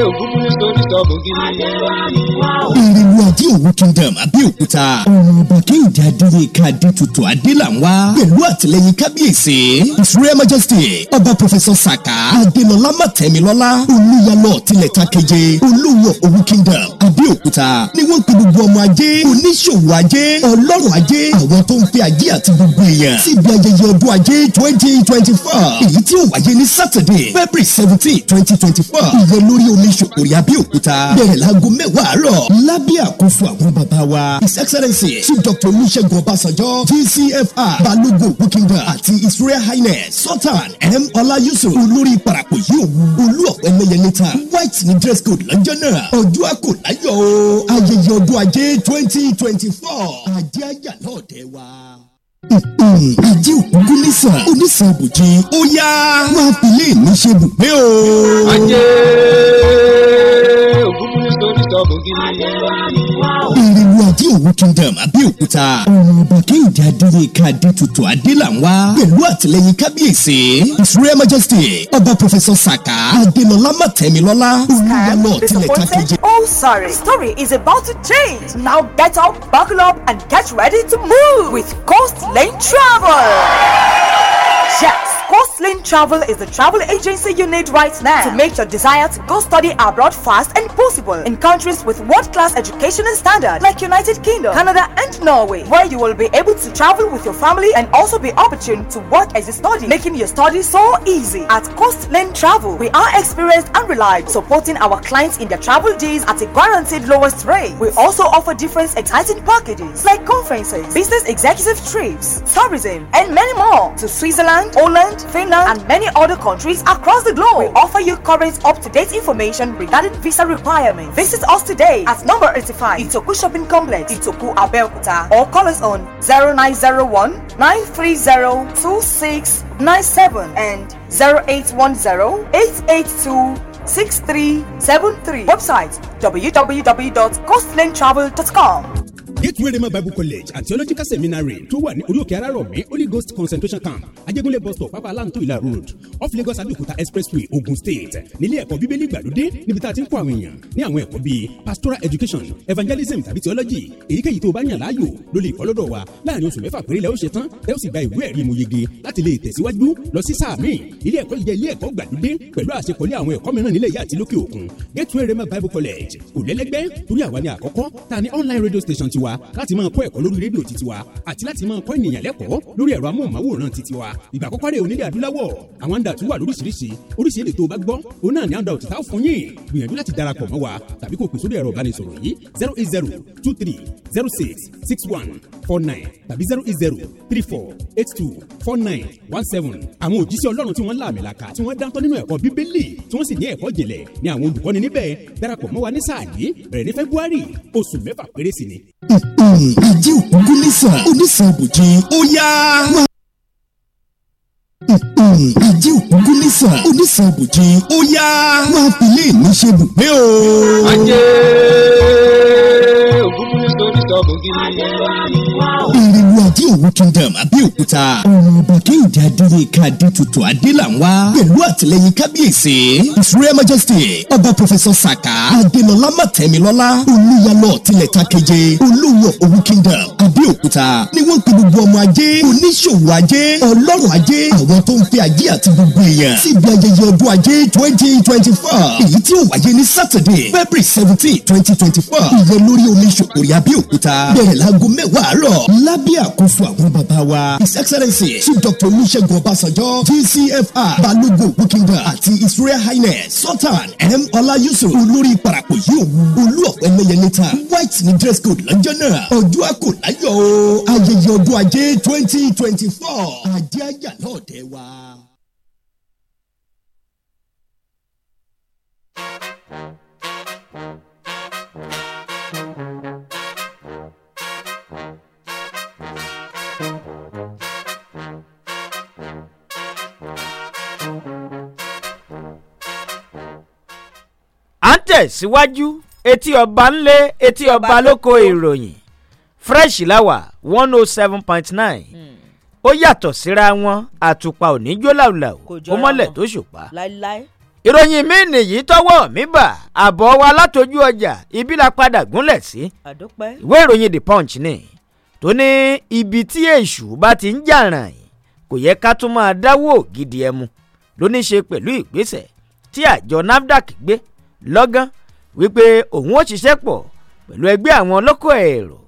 òkúńkú nísàn, onísàn bòjì òwúkíndàm abẹ́òkúta ọ̀rọ̀ ọba kẹ́hìndé adéyẹká adétutù adélànwá pẹ̀lú àtìlẹyìn kábíyèsí his royal majesty ọba professor saka adélọlá mọ̀tẹ́milọ́lá olúyalọ̀ tilẹ̀takeje olúwọ̀ òwúkíndàm abẹ́òkúta ni wọ́n pe gbogbo ọmọ ajé oníṣòwò ajé ọlọ́rọ̀ ajé àwọn tó ń pe ajé àti gbogbo èèyàn síbi ayẹyẹ ọdún ajé twenty twenty four èyí tí ó wáyé ní saturday february seventeen twenty twenty four ìyẹn lórí oníṣòwò rí abẹ́òkúta bẹ̀rẹ̀ láago mẹ́wàá àárọ̀ lábẹ́ àkóso fún àwọn bàbá wa his excellency chief Dr. olùṣègùn ọbásanjọ́ vcfr balógun bukinga àti israel highness sultan m ọlá yusuf olórí parapọ̀ yìí òun olú ọ̀pẹ mẹ́yẹlé ta white ní dress code lọ́jọ́ náà ọjọ́ àkòláyọ̀ o ayẹyẹ ọdún ajé twenty twenty four ajé àjà náà dé wa ajé òkúkú nísàn onísàn àbòjì ó yá wá fìlẹ̀ ní ṣe bùgbé o. ajé. kingdom abẹ́òkúta adéyẹká adétutù adélànwá pẹ̀lú àtìlẹyìn kábíyèsí majesty ọba professor saka mọ̀tẹ́milọ́lá oh sorry story is about to change now get up buckle up and get ready to move with coast lane travel. yes. Coast Lane Travel is the travel agency you need right now to make your desire to go study abroad fast and possible in countries with world-class educational standards like United Kingdom, Canada and Norway where you will be able to travel with your family and also be opportune to work as you study, making your study so easy. At Coast Lane Travel, we are experienced and reliable, supporting our clients in their travel days at a guaranteed lowest rate. We also offer different exciting packages like conferences, business executive trips, tourism and many more to Switzerland, Holland, Finland, and many other countries across the globe. We offer you current up-to-date information regarding visa requirements. Visit us today at number 85 Itoku Shopping Complex, Itoku Abeokuta, or call us on 0901 930 2697 and 0810 882 6373. Website www.coastlandtravel.com. gatewerema bible college and theological seminary tó wà ní oríòkè arárọ̀mí holy ghost concentration camp ajégúnlé bus stop pápá aláǹtó ìlà road off lagos abeokuta expressway ogun state nílé ẹ̀kọ́ bíbélì ìgbàlódé níbi tá a ti ń kọ́ àwọn èèyàn ní àwọn ẹ̀kọ́ bíi pastoral education evangelism tàbí theology èyíkéyìí tó o bá yàn láàyò ló lè kọ́ lọ́dọ̀ wa láàrin oṣù mẹ́fà péré lẹ́ ó ṣe tán lẹ́ ó sì gba ìwé ẹ̀rí mo yege láti lè tẹ̀síwájú lọ sí sáà míì ilé ẹ̀kọ́ yìí jẹ́ ilé ẹ̀kọ́ gbàlódé pẹ̀lú àṣekọ̀lé àwọn ẹ̀kọ́ mìíràn nílẹ̀ yá àti lókè òkun gatewerema bible college kò lẹ́lẹ́gbẹ́ torí àwa ni àkọ́kọ́ ta ni online radio station tiwa wa láti máa kọ́ ẹ̀kọ́ lórí rédíò titi wa àti láti máa kọ́ ènìyàn lẹ́kọ̀ọ́ lórí ẹ̀rọ amóhùnmáwòrán titi wa ìgbà àkọ́kọ́ rẹ̀ onílẹ̀ adúláwọ̀ àwọn àǹdà tún wà lóríṣiríṣi oríṣi èdè tó o bá gbọ́ òun náà ni àǹdà òtítà ó fún yín gbìyànjú láti darapọ̀ mọ́ wa tàbí kò pè sórí ẹ̀rọ ìbánisọ̀rọ̀ yìí zero eight zero two three zero six six one four nine tàbí zero eight zero three four eight two four nine one seven àwọn òjíṣẹ́ ọlọ́run tí wọ́n láàmìlaka tí wọ́n dáńtọ́ nínú ẹ̀kọ́ bíbélì tí wọ́n sì ní ẹ̀kọ́ jìnlẹ̀ ni àwọn olùkọ́ni níbẹ̀ darapọ̀ mọ́ wa ní sáà yìí february oṣù mẹ́fà ni Um, ìjì ògúngún nísàn onísàn òbòjì ó yá ìjì ògúngún nísàn onísàn òbòjì ó yá wá fi lè ní ṣe bùgbé o. ajé. òwútúndàm abẹ́òkúta ọ̀rọ̀ ọba kẹ́hìndé adéyínká adétutù adélànwá pẹ̀lú àtìlẹyìn kábíyèsí his royal majesty ọba professor saka adélọlá mọ̀tẹ́milọ́lá olúyalọ̀ tilẹ̀ta keje olúwọ̀ òwú kingdom abẹ́òkúta ni wọ́n pe gbogbo ọmọ ajé oníṣòwò ajé ọlọ́rọ̀ ajé àwọn tó ń pe ajé àti gbogbo èèyàn síbi ayẹyẹ ọdún ajé twenty twenty four èyí tí ó wáyé ní saturday february seventeen twenty twenty four ìyẹn lórí omi ṣòkòrì abẹ́òkúta bẹ̀rẹ̀ láago mẹ́wàá àárọ̀ lábẹ́ àkóso fún àwọn bàbá wa his excellency chief doctor olùṣègùn ọbásanjọ́ tcfr balógun bukinga àti israel highness sultan m ọlá yusuf olórí parapọ̀ yìí òun olú ọ̀pẹ lẹ́yẹlé ta white ní dress code lọ́jọ́ náà ọjọ́ àkò láyọ̀ o ayẹyẹ ọdún ajé twenty twenty four àdé àjà náà dé wa. Thank you. tẹ̀síwájú etí ọba ńlé etí ọba lóko ìròyìn fresh láwà one oh seven point nine hmm. ó yàtọ̀ síra wọn àtùpà òní jó làwùlàwù ó mọ́lẹ̀ tó ṣùpá ìròyìn mi nìyí tọwọ́ mi bà àbọ̀ wa látọjú ọjà ibi la padà gúnlẹ̀ sí ìwé ìròyìn the punch ni tó ní ibi tí èṣù bá ti ń jà ràn yìí kò yẹ ká tún máa dáwọ́ gidi ẹmu ló ní pẹ̀lú ìgbésẹ̀ tí àjọ nafdac gbé lọ́gán wípé òun ó ṣiṣẹ́ pọ̀ pẹ̀lú ẹgbẹ́ àwọn ọlọ́kọ̀ èrò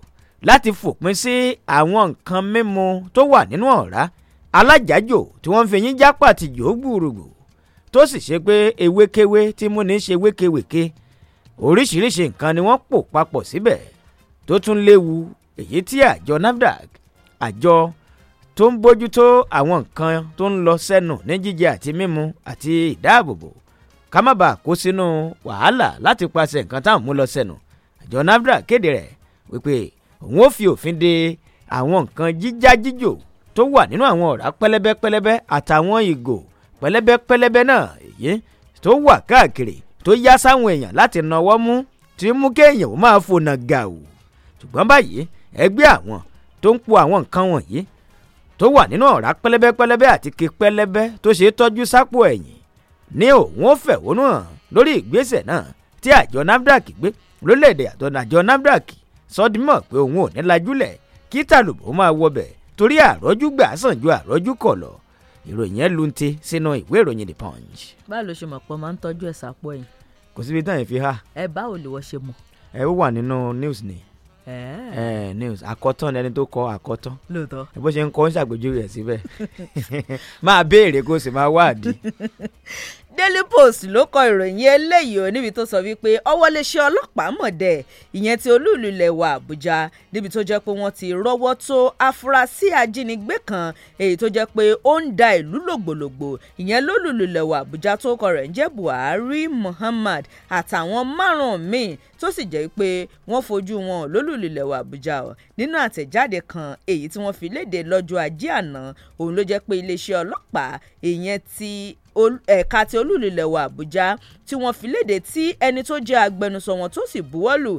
láti fòpin sí àwọn nǹkan mímu tó wà nínú ọ̀rá alájàjò tí wọ́n fi yín jápà ti jò gbùrùgbù tó sì ṣe pé ewékewé tí múni ṣe wékewèke oríṣiríṣi nǹkan ni wọ́n pò papọ̀ síbẹ̀ tó tún léwu èyí tí àjọ NAFDAC àjọ tó ń bójútó àwọn nǹkan tó ń lọ sẹ́nu ní jíjẹ àti mímu àti ìdáàbòbò ká má bàa kó sínú wàhálà láti paṣẹ nǹkan táwọn mú lọ sẹ́nu àjọ nafdra kéde rẹ̀ wípé òun ó fi òfin de àwọn nǹkan jíjá jíjò tó wà nínú àwọn ọ̀rá pẹlẹbẹ pẹlẹbẹ àtàwọn ìgò pẹlẹbẹ pẹlẹbẹ náà èyí tó wà káàkiri tó yá sáwọn èèyàn láti nawọ́ mú tí mú kéèyàn ó máa fònà gàù ṣùgbọ́n báyìí ẹgbẹ́ àwọn tó ń po àwọn nǹkan wọ̀nyí tó wà nínú ọ̀rá pẹlẹbẹ pẹlẹbẹ àti ké pẹlẹbẹ tó ṣe tọ́jú sápò ẹ̀yìn ní òun ó fẹ̀hónú hàn lórí ìgbésẹ̀ náà tí àjọ nafdac gbé lólèdè àtọ̀nà àjọ nafdac sọdímọ̀ pé òun ò ní lajúlẹ̀ kí tàlùbọ̀ máa wọbẹ̀ torí àrọ́jú gbà sàn ju àrọ́jú kọ̀ lọ ìròyìn yẹn lu ti sínú ìwé ìròyìn the punch. báwo ló ṣe mọ̀ pé o máa ń tọ́jú ẹ̀ sápò ẹ̀yìn. kò síbi táyìn fi há. ẹ báwo lè wọ́n ṣe mọ̀. ẹ ó wà nínú news ni. ẹ ẹ news àkọ́tán ẹni tó kọ àkọ́tán. lóòótọ́. bó ṣe ń kọ́ ń ṣàgbéjúwe ẹ̀ síbẹ̀. máa béèrè kó o sì máa wáàdí. Daily Post ló kọ ìròyìn eléyìí o níbi tó sọ wípé ọwọ́ léṣẹ́ ọlọ́pàá mọ̀dẹ́ ìyẹn ti olúùlú ilẹ̀ wa Àbújá níbi tó jẹ́ pé wọ́n ti rọ́wọ́ tó afurasí ajínigbé kan èyí tó jẹ́ pé ó ń da ìlú lògbòlògbò ìyẹn lólùlù ilẹ̀ Àbújá tó kọ rẹ̀ ń jẹ́ Buhari Muhammad àtàwọn márùn-ún míì tó sì jẹ́ pé wọ́n fojú wọn lólùlù ilẹ̀ wa Àbújá o nínú àtẹ̀jáde kan èyí tí wọ́n fi léde lọ́jọ́ ajé àná òun ló jẹ́ pé iléeṣẹ́ ọlọ́pàá ìyẹn ti ẹ̀ka ti olúùlú ilẹ̀ wa àbújá tí wọ́n fi léde tí ẹni tó jẹ́ agbẹnusọ wọn tó sì buwọ́lù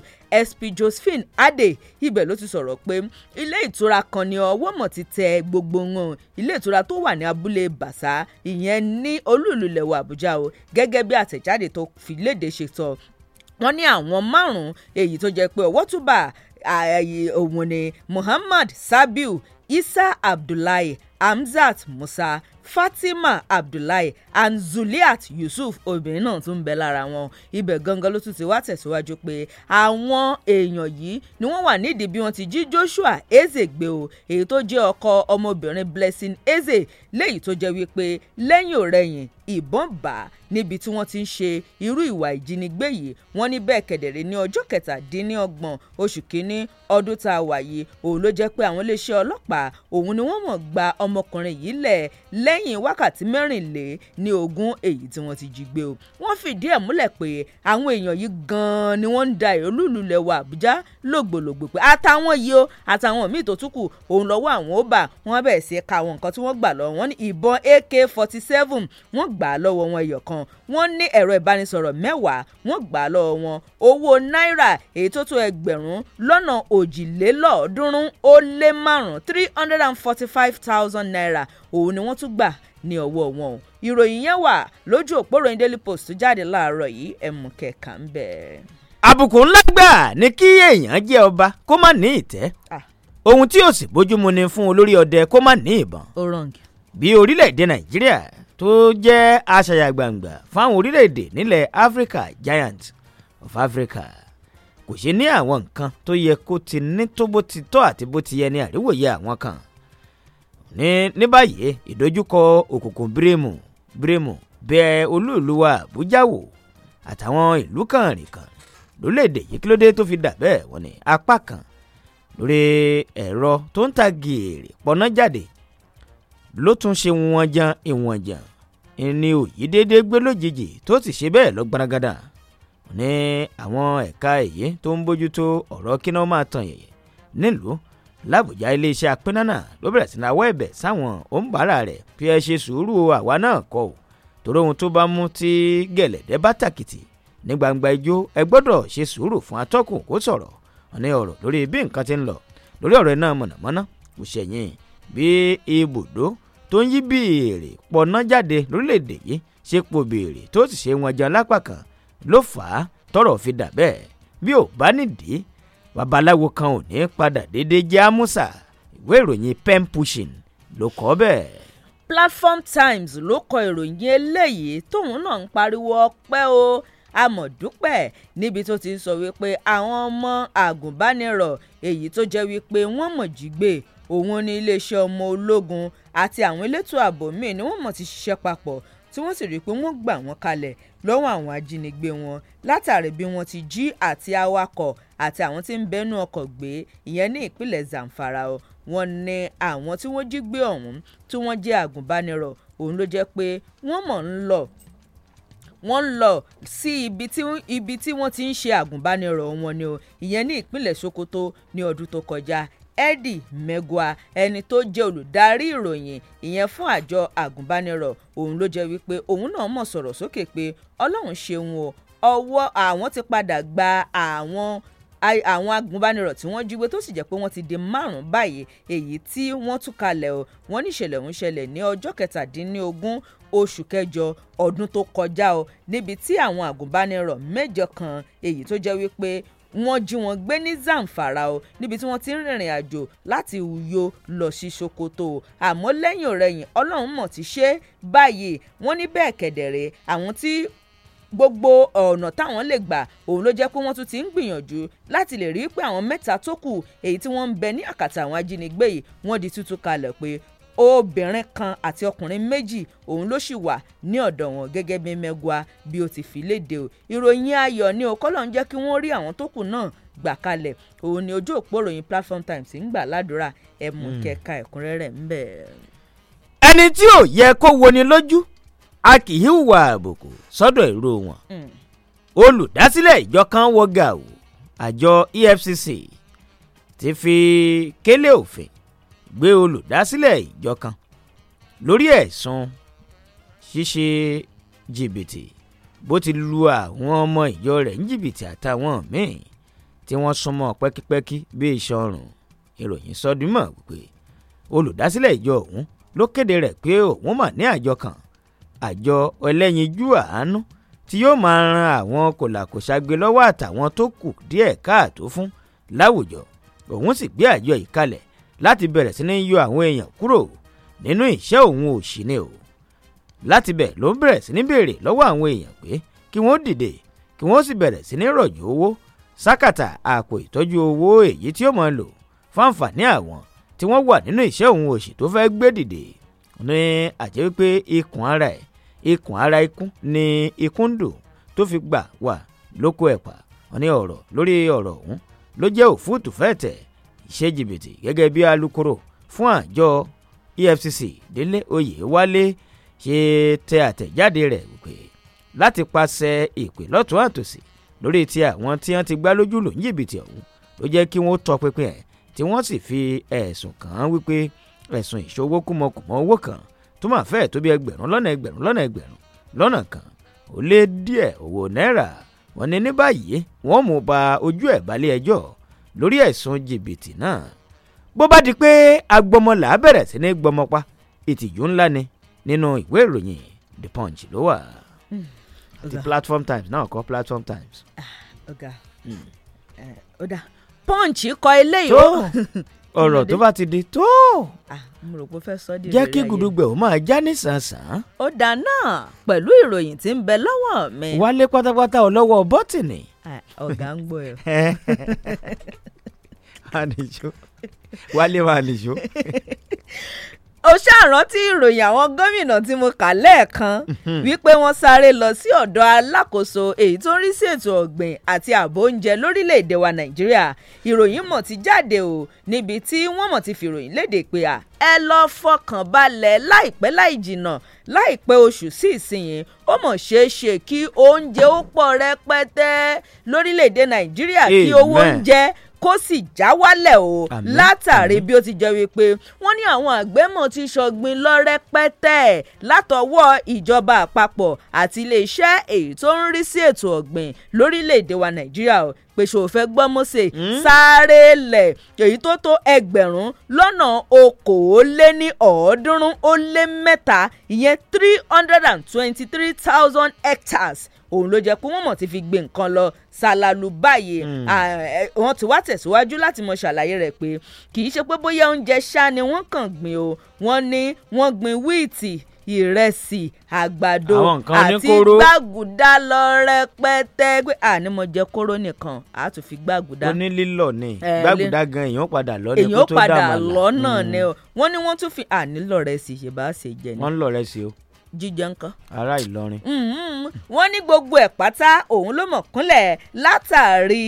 sp josephine ade ibẹ̀ ló ti sọ̀rọ̀ pé ilé ìtura kan ni ọwọ́ mọ̀ ti tẹ gbogbo wọn ilé ìtura tó wà ní abúlé bàṣá ìyẹn ní olúùlú ilẹ̀ wa àbújá o gẹ́gẹ́ bí àtẹ̀jáde tó fi léde ṣe sọ wọ́n ní àwọn márùn-ún èyí tó jẹ́ pé ọwọ́ túbà òun ni muhammad sabiu isa abdullahi hamzat musa fatima abdullahi and zuliat yusuf obìnrin náà tún ń bẹ lára wọn ibẹ̀ gangan ló tún ti wá tẹ̀síwájú pé àwọn èèyàn yìí ni wọ́n wà nídìí bí wọ́n ti jí joshua eze gbé o èyí tó jẹ́ ọkọ ọmọbìnrin blessing eze léyìí tó jẹ́ wípé lẹ́yìn òrẹ́yìn ìbọn bá níbi tí wọ́n ti ń ṣe irú ìwà ìjínigbé yìí wọ́n ní bẹ́ẹ̀ kẹ̀dẹ̀rẹ́ ní ọjọ́ kẹtàdínlọ́gbọ̀n oṣù kínní ọdún tá a wà yìí òun ló jẹ́ pé àwọn iléeṣẹ́ ọlọ́pàá òun ni wọ́n mọ̀ gba ọmọkùnrin yìí lẹ̀ lẹ́yìn wákàtí mẹ́rìnlé ní ogún èyí tí wọ́n ti jí gbé o. wọ́n fìdí ẹ̀ múlẹ̀ pé àwọn èèyàn yìí gan-an ni wọ́n ń da ìrólùlù lẹ́wọ̀ àbújá lògbòlògbò pé àtàwọn yìí o àtàwọn míì tó tún kù òun lọ́wọ́ àwọn ó bà wọ́n bẹ̀rẹ̀ sí ka àwọn nǹkan tí wọ́n gbà lọ́wọ́ wọn ní ìbọn ak forty seven wọ́n gbà á lọ́wọ́ wọn ẹyọ kan wọ́n ní ẹ̀rọ ìbánisọ̀rọ̀ mẹ́wàá wọ́n gbà á lọ́wọ́ wọn owó náírà èyí tó tó ẹgbẹ̀rún lọ́nà òjìlélọ́ọ̀ọ́dúnrún ó lé márùn-ún three hundred and forty five thousand naira òun ni wọ́n tún gbà ní ọwọ́ wọn o ìròyìn yẹn wà lójú òpó ìròyìn Daily Post jáde láàárọ̀ yìí ẹ̀mú kẹ̀kà ń bẹ̀. àbùkù ńlá gbà ni kí èèyàn jẹ́ ọba kó má ní ìtẹ́ ohun tí ò sì bójúmu ni fún olórí ọdẹ kó má ní ìbọn bí orílẹ̀-èdè Nàìjíríà tó jẹ́ aṣàyàgbàǹgbà fáwọn orílẹ̀-èdè nílẹ̀ Africa giant of Africa kò ṣe ní àwọn nǹkan tó yẹ kó ti ní tó bó ti tọ́ àti bó ti yẹ ní àríwòye àwọn kan ní ní báyìí ìdojúkọ òkùnkùn bírèmù bírèmù bẹ olúùlú wa àbújá wò àtàwọn ìlú kànrìnkàn lórílẹ̀‐èdè yìí kí ló dé tó fi dà bẹ́ẹ̀ wọ́n ní apá kan lórí ẹ̀rọ tó ń ta gèrè pọná jáde ló tún ṣe wọ́n jan ìwọ̀n jan ni òyì déédéé gbé lójijì tó ti ṣe bẹ́ẹ̀ lọ gbaragada ní àwọn ẹ̀ka èyí tó ń bójútó ọ̀rọ̀ kíná máa tàn yẹ̀yẹ̀ nílùú làbújá iléeṣẹ́ apínánà ló bẹ̀rẹ̀ sí náwó ẹ̀bẹ̀ sáwọn òǹbàárà rẹ̀ pé ẹ ṣe sùúrù àwa náà kọ ò torí ohun tó bá mú tí gẹ̀lẹ̀dẹ́ bá tàkìtì ní gbangba ijó ẹ gbọ́dọ̀ ṣe sùúrù fún atọ́kùn kó sọ̀rọ̀ ní ọ̀rọ̀ lórí bí nǹkan ti ń lọ lórí ọ̀rọ̀ iná mọ̀nàmọ́ná kò ṣẹ̀yìn bí ibùdó tó ń yí bèèrè pọ̀ná jáde lórílẹ̀‐èdè yìí ṣe po bèèrè tó sì ṣe wọn jẹun lápá kan ló fà á tọrọ fi dà bẹ́ẹ̀ bí ò bá nídìí babaláwo kan ò ní padà déédéé jẹ́ àmúṣà ìwé ìròyìn pen pushing ló kọ́ bẹ́ẹ̀. platform times ló kọ ìròyìn eléyìí tóun náà ń pariwo ọpẹ́ o amọ̀dúpẹ́ níbi tó ti sọ wípé àwọn ọmọ àgùnbánirọ̀ èyí tó jẹ́ wípé wọ́n mọ̀ jí gbé òun ní iléeṣẹ́ ọmọ ológun àti àwọn elétò ààbò míì ni wọ́n mọ̀ ti ṣiṣẹ́ papọ̀ tí wọ́n sì rí i pé wọ́n gbà wọ́n kalẹ̀ lọ́wọ́ àwọn ajínigbé wọn látàrí bí wọ́n ti jí àti awakọ̀ àti àwọn tí ń bẹ́nu ọkọ̀ gbé ìyẹn ní ìpínlẹ̀ zamfara o wọ́n ní àwọn tí wọ́n jí gbé ọ̀hún tí wọ́n jẹ́ àgùnbánirọ̀ òun ló jẹ́ pé wọ́n mọ̀ ń lọ wọ́n ń lọ sí ibi tí wọ́n ti ń ṣe àgùnbánirọ̀ wọn ni o ìyẹn ní ìpínlẹ̀ sokoto ní ọdún tó kọjá eddie Megua, ẹni tó jẹ́ olùdarí ìròyìn ìyẹn fún àjọ àgùnbánirọ̀ òun ló jẹ́ wípé òun náà mọ̀ sọ̀rọ̀ sókè pé ọlọ́run ṣeun o ọwọ́ àwọn ti padà gba àwọn àwọn agùnbánirọ̀ tí wọ́n jí gbé tó sì jẹ́ pé wọ́n ti di márùn báyìí èyí tí wọ́n tú kalẹ̀ o wọ́n ní ìṣẹ̀lẹ̀ ọ̀hún ṣẹlẹ̀ ní ọjọ́ kẹtàdínlógún oṣù kẹjọ ọdún tó kọjá o níbi tí àwọn agùnbánirọ̀ mẹ́jọ kan èyí tó jẹ́ wípé wọ́n jí wọn gbé ní Zamfara o níbi tí wọ́n ti ń rìnrìn àjò láti Uyo lọ sí Sokoto àmọ́ lẹ́yìn ọ̀rẹ̀yìn Ọlọ́run mọ̀ ti ṣe báyìí wọ́n ní bẹ́ẹ̀ kẹ̀dẹ̀rẹ̀ àwọn tí gbogbo ọ̀nà táwọn lè gbà òun ló jẹ́ pé wọ́n tún ti ń gbìyànjú láti lè rí pé àwọn mẹ́ta tó kù èyí tí wọ́n ń bẹ ní àkàtà àwọn ajínigbé yìí wọ́n di tútú kalẹ̀ pé obìnrin kan àti ọkùnrin méjì òun ló sì wà ní ọ̀dọ̀ wọn gẹ́gẹ́ bí mẹ́gwa bí ó ti fi léde o ìròyìn ayọ̀ ni o kọ́lọ́ ń jẹ́ kí wọ́n rí àwọn tó kù náà gbà kalẹ̀ òun ni ojú òpó ìròyìn platform times ń gbà ládùúrà ẹ hmm. kẹka ẹ̀kúnrẹ́rẹ́ ń bẹ̀. ẹni tí ò yẹ kó woni lójú a kì í hùwà àbùkù sọ́dọ̀ ìró wọn hmm. olùdásílẹ̀ ìjọ kan wọ gàù àjọ efcc ti fi kélé òfin gbé olùdásílẹ̀ ìjọ kan lórí ẹ̀sùn ṣíṣe jìbìtì bó ti lu àwọn ọmọ ìjọ rẹ̀ ní jìbìtì àtàwọn míì tí wọ́n súnmọ́ pẹ́kípẹ́kí bí iṣan ọrùn ìròyìn sọdúnmọ̀ wípé olùdásílẹ̀ ìjọ ọ̀hún ló kéde rẹ̀ pé òun mà ní àjọ kan àjọ ẹlẹ́yinjú àánú tí yóò máa ran àwọn kòlàkòṣagbe lọ́wọ́ àtàwọn tó kù díẹ̀ káàtó fún láwùjọ òun sì gbé àjọ yìí láti bẹ̀rẹ̀ sí ní yọ àwọn èèyàn kúrò nínú ìṣẹ́ òun òṣì ni o láti bẹ̀ ló ń bẹ̀rẹ̀ sí ní béèrè lọ́wọ́ àwọn èèyàn pé kí wọ́n dìde kí wọ́n sì bẹ̀rẹ̀ sí ní rọ̀jò owó sákàtà àpò ìtọ́jú owó èyí tí ó mọ̀ lò fáǹfààní àwọn tí wọ́n wà nínú ìṣẹ́ òun òṣì tó fẹ́ gbé dìde ní àjẹ́ wípé ikùn ara ẹ̀ ikùn ara ikún ni ikún dùn tó fi gbà wà lóko ẹ̀pà wọn ní ọ̀rọ̀ lórí ọ̀rọ̀ ọ̀hún ló jẹ́ òfúùtù fẹ́ẹ̀tẹ̀ ṣe jìbìtì gẹ́gẹ́ bí alukoro fún àjọ EFCC délé oyèwálé ṣe tẹ àtẹ̀jáde rẹ̀ wípé láti paṣẹ ìpè lọ́tún àtòsí lórí ti àwọn tí wọ́n ti gbá lójú lò ní jìbìtì ọ̀hún ló jẹ́ kí wọ́n tọpinpin ẹ̀ tí wọ́n sì fi ẹ̀sùn kàn án wípé ẹ̀sùn ìṣòwò kùmọ̀kùmọ̀ owó kan tó máa fẹ́ẹ̀ tó bí ẹgbẹ̀rún lọ́nà ẹgbẹ̀rún lọ́nà ẹgbẹ̀rún lọ́nà kan ó lé díẹ̀ owó náírà wọ́n ní ní báyìí wọ́n mú ba ojú ẹ̀ balẹ̀ ẹjọ́ lórí ẹ̀sùn jìbìtì náà bó bá di pé agbọmọlà bẹ̀rẹ̀ sí ní gbọmọpa ìtìjú ńlá ni nínú ìwé ìròyìn the punch ló wà àti hmm, platform times náà kọ platform times. Ah, ọ̀gá ọ̀dà hmm. eh, punch kọ eléyìí o. ọ̀rọ̀ tó bá ti di tó. Ah, mo rò pé ó fẹ́ sọ di rere ayé. jẹ́ kí gudugbẹ̀ ó máa já nísànsán. ó dà pẹ̀lú ìròyìn tí ń bẹ lọ́wọ́ mi. wálé pátápátá ọlọ́wọ́ bọ́tìnì. Ah, ọ̀gá ń gbọ́ ẹ. máa nìṣó wálé máa nìṣó. ó ṣàrántí ìròyìn àwọn gómìnà tí mo kà lẹ́ẹ̀kan mhm. wípé wọ́n sáré lọ sí ọ̀dọ̀ alákòóso èyí tó ń rí sí ètò ọ̀gbìn àti ààbò oúnjẹ lórílẹ̀‐èdè wa nàìjíríà ìròyìn mọ̀ ti jáde o níbi tí wọ́n mọ̀ ti fìròyìn léde pé à ẹ lọ fọkàn balẹ̀ láìpẹ́ láì jìnnà láìpẹ́ oṣù sí ìsinyìí ó mọ̀ ṣeé ṣe kí oúnjẹ ó pọ̀ rẹpẹtẹ lórílẹ̀‐èdè nàìjíríà kí owó oúnjẹ kó sì já wálẹ̀ o látàrí bí ó ti jẹ́ wípé wọ́n ní àwọn àgbẹ̀mọ̀ ti ṣọ̀gbìn lọ́rẹ́ pẹ́tẹ́ látọwọ́ ìjọba àpapọ̀ àti iléeṣẹ́ èyí tó ń rí sí ètò ọ̀gbìn lórílẹ̀‐èdè wa nàìjíríà o pèsè òfẹ́ gbọ́ hmm? sáré lẹ̀ èyí tó tó ẹgbẹ̀rún lọ́nà okòóléní ọ̀ọ́dúnrún ó lé mẹ́ta ìyẹn three hundred and twenty three thousand hectares òun ló jẹ́ pé wọ́n mọ̀ ti fi gbé nǹkan lọ ṣàlàlù báyìí hmm. wọ́n ti wá tẹ̀síwájú láti mọ ṣàlàyé rẹ̀ pé kì í ṣe pé bóyá oúnjẹ ṣá ni wọ́n kàn gbìn o wọ́n ní wọ́n gbìn wíìtì ìrẹsì àgbàdo àti gbàgùdà lọ rẹpẹtẹ pé àní mo jẹ kóró nìkan a tún fi gbàgùdà. oní lílọ ni gbàgùdà gan èèyàn padà lọ ni kó tó dà mọ́ la èèyàn padà lọ náà ni hmm. wọ́n ní wọ́n tún fi àní lọ rẹ̀ bá ṣe jẹ ni. wọ́n ń lọ o jíjẹ nǹkan. ará ìlọrin. Mm-hmm. wọ́n ní gbogbo ẹ̀ pátá òun ló mọ̀ kúnlẹ̀ látàrí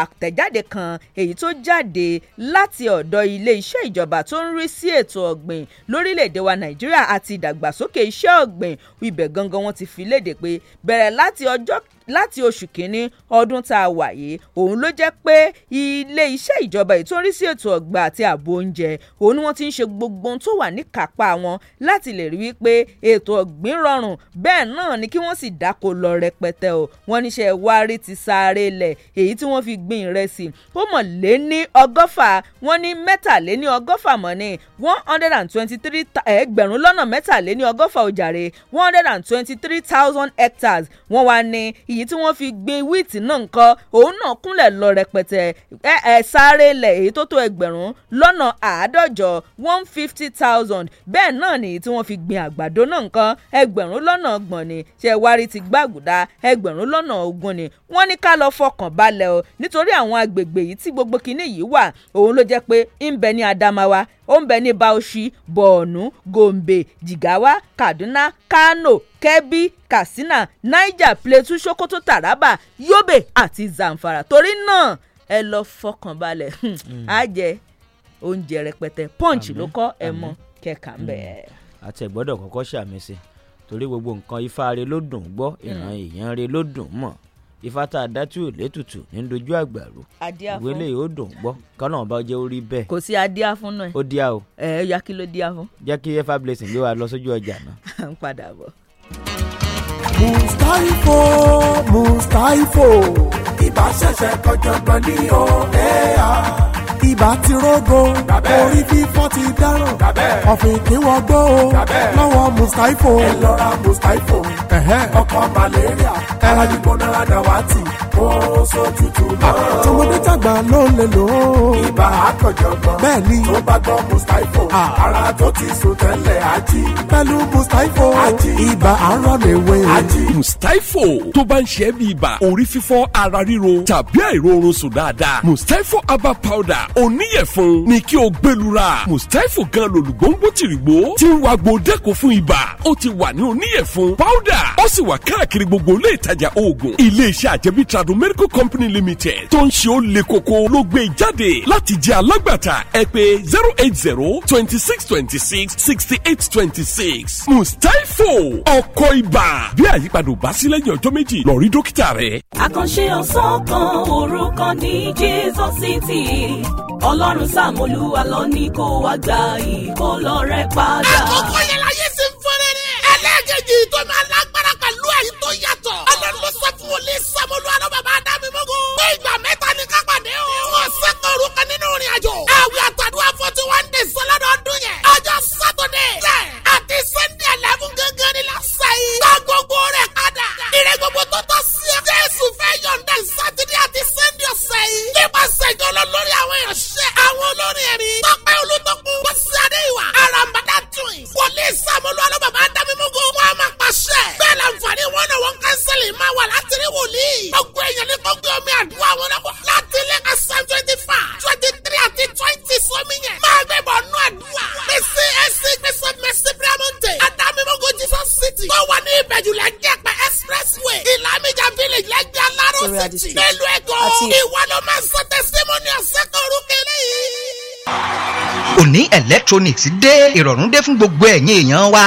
àtẹ̀jáde kan èyí tó jáde láti ọ̀dọ̀ ilé-iṣẹ́ ìjọba tó ń rí sí ètò ọ̀gbìn lórílẹ̀‐èdè wa nàìjíríà àti ìdàgbàsókè iṣẹ́ ọ̀gbìn ibẹ̀ gangan wọ́n ti fi léde pé bẹ̀rẹ̀ láti ọjọ́ láti oṣù kínní ọdún tá a wà yìí òun ló jẹ́ pé ilé iṣẹ́ ìjọba ètò orí sí ètò ọ̀gbà àti ààbò oúnjẹ òun ni wọ́n ti ń ṣe gbogbo ohun tó wà níkàápá wọn láti lè rí wípé ètò ọ̀gbìn rọrùn bẹ́ẹ̀ náà ni kí wọ́n sì dáko lọ rẹpẹtẹ o wọ́n níṣẹ́ wárí ti sáré lẹ̀ èyí tí wọ́n fi gbin ìrẹsì ó mọ̀ lé ní ọgọ́fà wọ́n ní mẹ́tàléní ọgọ́fà mọ̀ ní one hundred and twenty three ẹgbẹ̀rún lọ́nà mẹ́tàléní ọgọ́fà ó jàre one hundred and twenty three thousand hectares wọ́n wá ní iye èyí tí wọ́n fi gbé wíìtì náà nǹkan òun náà kúnlẹ̀ lọ rẹpẹtẹ ẹ̀ sáré lẹ̀ èyí tó tó ẹgbẹ̀rún lọ́nà àádọ́jọ one fifty thousand bẹ́ẹ̀ náà nìyí tí wọ́n fi gbin àgbàdo náà nǹkan ẹgbẹ̀rún lọ́nà ọgbọ̀n ni ṣẹ̀wárí ti gbàgùdà ẹgbẹ̀rún lọ́nà ogún ni wọ́n ní ká lọ fọkàn balẹ̀ o nítorí àwọn agbègbè yìí tí gbogbo kinní yìí wà òun ló jẹ́ pé ń ní Adamawa ó ń bẹ ní Bauchi Borno Gombe Jigawa Kaduna Kano Kebbi Katsina Niger Plateau Sokoto Taraba Yobe àti Zamfara torí náà ẹ lọ fọkàn balẹ̀ á hmm, hmm. jẹ oúnjẹ rẹpẹtẹ punch ló kọ́ ẹ mọ kẹka ń bẹ̀. Hmm. àti ẹ̀gbọ́dọ̀ kọ́kọ́ ṣàmì sí torí gbogbo nǹkan ifá re ló dùn gbọ́ ìran èèyàn re ló dùn mọ̀ ifá tá a dá tí ò létùtù ní dojú àgbàrú ìwé lè ó dùn gbọ́ kọ́nà ọba jẹ́ orí bẹ́ẹ̀. kò sí adíá náà. ó díá o. ẹ ẹ ya kí ló díá fún. jẹ́ kí efa blessing gbé wa lọ sójú ọjà náà. à ń padà bọ̀ mustaifo mustaifo. ibà ṣẹ̀ṣẹ̀ kọjọgbọ́n o oa ibà ti rógo orí fífọ́ ti dáràn ọ̀fìn kí wọ́n gbó o lọ́wọ́ mustaifo. ẹ lọ ra mustaifo ọkọ̀ malaria ara gbígbóná ládàá wá tì ó sójútù mọ́. tọmọdé tàgbà ló ń lè lò ó. ibà àkànjọ̀gbọ́n. bẹ́ẹ̀ni. tó bá gbọ́ mustapho. Ah. ara tó ti sùn tẹ́lẹ̀ ají. pẹ̀lú mustapho. ají ibà arọ lè wé. ají. mustapho tó bá ń ṣe é bí ibà orí fífọ́ ara ríro tàbí àìróorun sùn dáadáa. mustapho herbal powder oníyẹ̀fun ni kí o gbẹlura. mustapho gan lòlùgbòǹgbò tìrìgbò ti ń wa gbo fún ibà. ó ti wà ní oníyẹ̀fun powder ó sì wà káàkiri gbogbo ilé ìtajà oògùn ilé iṣẹ́ àjẹbí trad ìbàdàn medical company limited tó ń ṣe ó le koko ló gbé jáde láti jẹ́ alágbàtà ẹ pè zero eight zero twenty six twenty six sixty eight twenty six mustapho ọkọ̀ ibà bí àyípadà ò bá sí lẹ́yìn ọjọ́ méjì lọ rí dókítà rẹ. àkànṣe ọ̀sán kan òru ní Jesus City ọlọ́run sàmúlùwà lọ ní kó wá gba ìkólọ́rẹ́ padà. àkókò yẹn láyé sí fúnni ní ẹlẹ́gẹ̀jì tó máa. sọmọlú àná bàbá adámímọ́gò. pé ìgbà mẹ́ta ni ká pàdé o. wọ́n sẹ́kọ̀ orú kan nínú ìrìn àjò. àwẹ̀ àtàdúrà forty one days ọlọ́dọọdún yẹn. ọjọ́ sátọ̀dé. tẹ̀ àti sẹ́ndì eleven gángan ni lásán yìí. gba gbogbo rẹ̀ padà. ìrẹ́ gbogbo tó tọ́ sí ẹ. jésù fẹ́ yọ̀ǹda sátidé àti sẹ́ndì ọ̀sẹ̀ yìí. nípasẹ̀ ìjọlọ lórí àwọn ìránṣẹ́. àwọn olórin ẹ̀mí. tọ́pẹ́ olùtọ́kùn. bọ́sí adé ìwà. àràǹbádà tún. wọlé ìsàmúlò aláṣẹ. bẹ́ẹ̀ la nfààní wọn náà wọn kánsẹ́lì máa wà láti rí wòlíì. gbogbo èèyàn ní gbogbo omi àdúrà wọn náà láti ilé ka san twenty five twenty three àti twenty sọmi yẹn. máa bẹ bọ̀ nù àdúrà. pèsè ẹsẹ pèsè mẹsì pírámọ̀tì. adamimogo jesus city. tó wà ní ìbẹ̀jù lẹ́jẹ̀ pẹ̀ expressway. ìlàmìjà village lẹ́jẹ̀ aláró city. nílùú ẹ̀kọ́ ìwà ló máa sọ testimony ọ̀sẹ̀ kan orúkọ eléyìí. òní electronics dé ìrọ̀rùn dé fún gbogbo ẹ̀yin èèyàn wa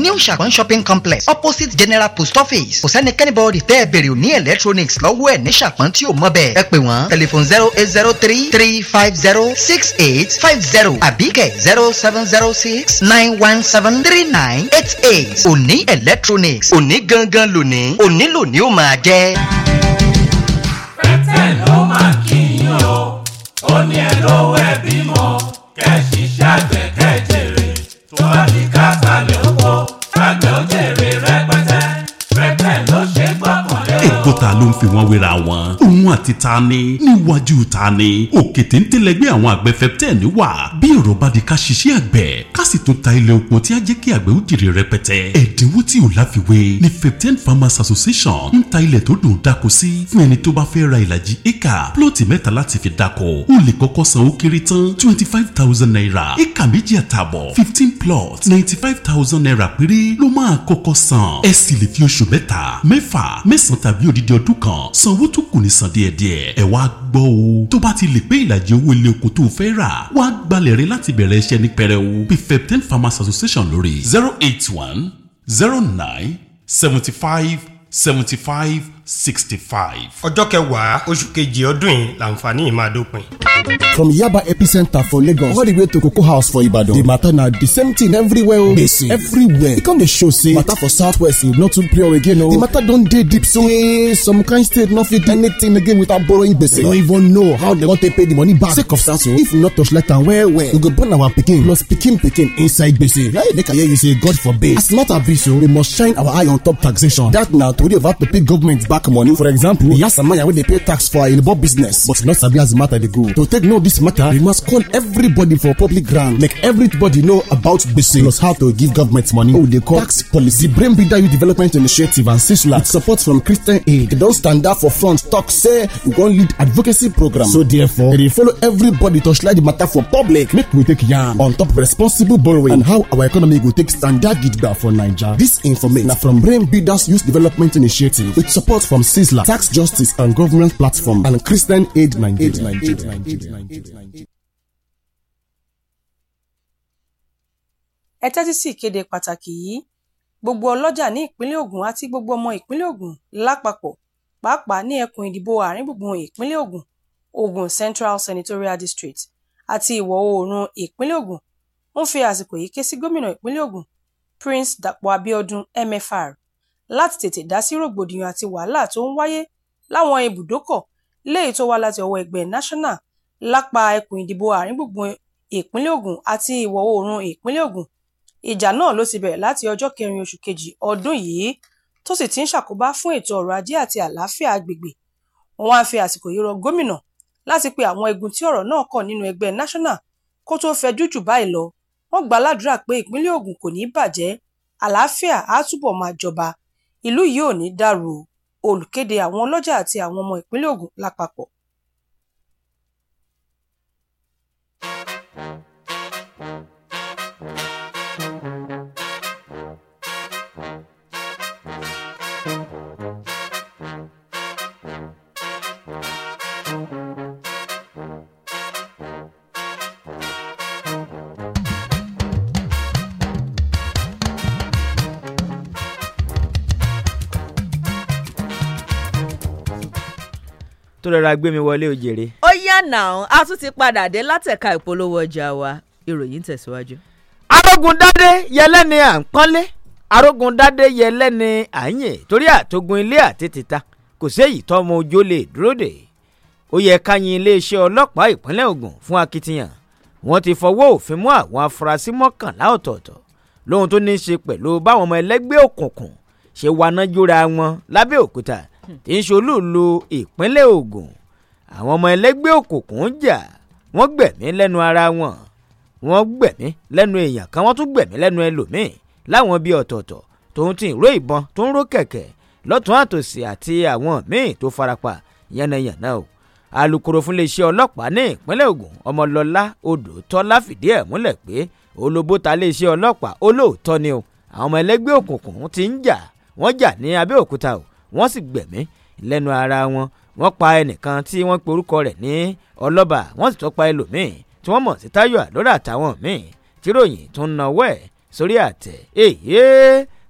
new Ṣàpọ́n shopping complex opposite general post office kò sẹ́nikẹ́ni bọ́ọ̀dì tẹ́ ẹ bèrè ní electronics lọ́wọ́ ẹ̀ ní Ṣàpọ́n tí ò mọ̀ bẹ́ẹ̀ ẹ pè wọ́n telephone zero eight zero three three five zero six eight five zero Abike zero seven zero six nine one seven three nine eight eight òní electronics òní gangan lónìí òní lónìí ó máa jẹ́. pẹ́tẹ́ ló máa kí yín o ó ní ẹ lówó ẹ bímọ kẹ́ ṣiṣẹ́ àgbẹ̀ kẹ́ jèrè tó bá di ká sálẹ̀ ó. àjọ jèrè rẹpẹtẹ rẹpẹ ló ṣe gbọ́kànlé. ọgọ́ta ló ń fi wọ́n wéra wọn òun àti ta ni níwájú ta ni òkè téńté lẹgbẹ́ àwọn àgbẹ̀ fẹ́tẹ́ẹ̀ni wà bí ọ̀rọ̀ bá di ká ṣiṣẹ́ àgbẹ̀ ká sì tún ta ilẹ̀ oko tí á jẹ́ kí àgbẹ̀ ó jèrè rẹpẹtẹ ẹ̀dínwó tí ò láfiwé ni fifteen farmers association ń ta ilẹ̀ tó dùn dáko sí fún ẹni tó bá fẹ́ ra ìlàjì éka plọ́ọ̀tì mẹ́ta láti fi dáko ó lè kọ́kọ́ san ó kéré tán twenty five thousand naira eka méjì àtààbọ̀ fifteen plots ninety five thousand naira péré ló máa kọ́kọ́ san ẹ sì lè fi odidi ọdún kan sanwó tó kù ní san díẹ̀díẹ̀ ẹ wá gbọ́ o tó bá ti lè pé ìlàjì owó ilé oko tó fẹ́ rà wá gbalẹ̀ rẹ láti bẹ̀rẹ̀ iṣẹ́ ní pẹrẹwu bí feptel farmers association lórí zero eight one zero nine seventy five seventy five sixty five. ọjọ́ kẹwàá oṣù kejì ọdún yìí làǹfààní yìí máa dópin. from yaba epicenter for lagos all the way to cocoa house for ibadan the matter na the same thing everywhere o dey see everywhere e come dey show say matter for southwest e no too pure again o the matter don dey deep so wey eh, some kind state no fit do anything again without borrowing gbese no even know how dem wan take pay the money back sake of sasso oh, if we no torchlight am well well we go burn our pikin plus pikin pikin inside gbese right make i hear you say god forbid as matter be so we must shine our eye on top taxation that na tori of how to pay government back money for example yasamaya wey dey pay tax for her oyinbo business but she no sabi as the matter dey go to take know this matter we must call everybody for public ground make everybody know about gbese plus how to give government money wey we dey call tax policy brain breeder youth development initiative and sisla with support from christian aid dey don stand up for front talk say we wan lead advocacy program so therefore we follow everybody to slide the matter for public make we take yarn on top responsible borrowing and how our economy go take standard out gidigba for naija this information na from brain breeders youth development initiative with support support from CISLA, Tax Justice and Government Platform, and Christian Aid Nigeria. Aid Nigeria. ẹ tẹ́tí sí ìkéde pàtàkì yìí gbogbo ọlọ́jà ní ìpínlẹ̀ Ògùn àti gbogbo ọmọ ìpínlẹ̀ Ògùn lápapọ̀ pàápàá ní ẹkùn ìdìbò àárín gbùngbùn ìpínlẹ̀ Ògùn Ògùn Central Senatorial District àti ìwọ̀ oòrùn ìpínlẹ̀ Ògùn ń fi àsìkò yìí ké sí gómìnà ìpínlẹ̀ Ògùn Prince Dàpọ̀ Abíọ́dún MFR láti tètè dá sí rògbòdìyàn àti wàhálà tó ń wáyé láwọn ibùdókọ̀ léyìí tó wá láti ọwọ́ ẹgbẹ́ National lápá ẹkùn ìdìbò àárín-gbùngbùn ìpínlẹ̀ Ògùn àti ìwọ̀-oòrùn ìpínlẹ̀ Ògùn. Ìjà náà ló ti bẹ̀rẹ̀ láti ọjọ́ 4 oṣù kejì ọdún yìí tó sì ti ń ṣàkóbá fún ètò ọrọ̀ ajé àti àlàáfíà agbègbè. Wọ́n wá fi àsìkò yìí rọ gómìnà láti pe àwọn igun tí ọ̀rọ̀ náà kàn nínú ẹgbẹ́ National kó tó fẹjú jù báyìí lọ. Wọ́n gbà ládùúrà pé ìpínlẹ̀ Ògùn kò ní bàjẹ́, àlàáfíà á túbọ̀ máa jọba. Ìlú yìí ò ní dàrú o, olùkéde àwọn ọlọ́jà àti àwọn ọmọ ìpínlẹ̀ Ògùn lápapọ̀. tó rọra gbé mi wọlé o jèrè. ó yá náà a tún ti padà dé látẹ̀ka ìpolówó ọjà wa ìròyìn tẹ̀síwájú. arógundádé yẹlẹ́ ni à ń pọ́nlé arógundádé yẹlẹ́ ni à ń yìn torí àtogun ilé àti títa kò séyìí tọ́mọ ojú lè dúró dè ó yẹ ká yin iléeṣẹ́ ọlọ́pàá ìpínlẹ̀ Ògùn fún akitiyan wọ́n ti fọwọ́ òfin mú àwọn afurasí mọ́kànlá ọ̀tọ̀ọ̀tọ̀ lóhun tó ní í ṣe pẹ̀lú báwọn ọmọ ẹlẹ́gbẹ́ òkùnkùn ṣe waná wọn lábẹ́ òkúta tí ń ṣolúùlú ìpínlẹ̀ Ògùn àwọn ọmọ ẹlẹ́gbẹ́ òkùnkùn jà wọ́n gbẹ̀mí lẹ́nu ara wọn wọ́n gbẹ̀mí lẹ́nu èèyàn kan wọ́n tún gbẹ̀mí lẹ́nu ẹlòmíì láwọn bíi ọ̀tọ̀ọ̀tọ̀ tòun ti ró ìbọn tó ń ró kẹ̀kẹ́ lọ́tún àtòsí àti àwọn míì tó farapa yánnayànna o alukoro fún iléeṣẹ́ ọlọ́pàá ní ìpínlẹ̀ Ògùn ọmọlọ́lá odò tọ́lá fìdí ẹ̀ múlẹ̀ pé olóbó iléeṣẹ́ ọlọ́pàá olóòótọ́ ni o àwọn ọmọ ẹlẹ́gbẹ́ òkùnkùn ti ń jà wọ́n jà ní Abẹ́òkúta o wọ́n sì gbẹ̀mí lẹ́nu ara wọn wọ́n pa ẹnìkan tí wọ́n pe orúkọ rẹ̀ ní ọlọ́ba wọ́n sì tún pa ẹlòmíì tí wọ́n mọ̀ sí táyọ̀ àlọ́rà àtàwọn míì tíròyìn tó ń nawọ́ ẹ̀ sórí àtẹ̀ èyí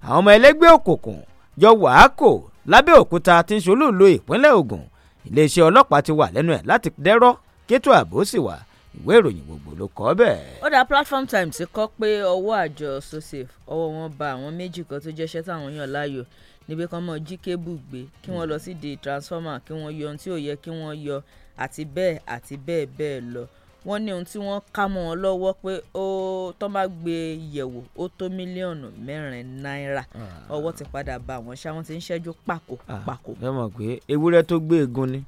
àwọn ọmọ ẹlẹ́gbẹ́ òkùnkùn jọ wàákò lábẹ́òkúta tí ń ṣolú ìlú ìpínlẹ̀ Ògùn iléeṣẹ́ ọlọ́pàá ti wà lẹ́nu ẹ̀ láti dẹ́rọ́ kétò ààbò sì wà ìwé ìròyìn gbogbo ló kọ bẹ́ẹ̀. ó dá platform times kọ pé ọwọ́ àjọ sosafe ọwọ́ wọn bá àwọn méjì kan tó jẹ́ṣẹ́ táwọn yàn láàyò níbi kan mọ́ jí kébù gbé kí wọ́n lọ sí di transformer kí wọ́n yọ ohun tí ò yẹ kí wọ́n yọ àti bẹ́ẹ̀ àti bẹ́ẹ̀ bẹ́ẹ̀ lọ wọ́n ní ohun tí wọ́n ká mọ́ wọn lọ́wọ́ pé ó tó bá gbé yẹ̀wò ó tó mílíọ̀nù mẹ́rin náírà ah. ọwọ́ ti padà bá wọn ṣá wọn ti ń ṣẹ́jú pàkó ah, pàkó. ẹ mọ̀ pé ewúrẹ́ tó gbé egun ni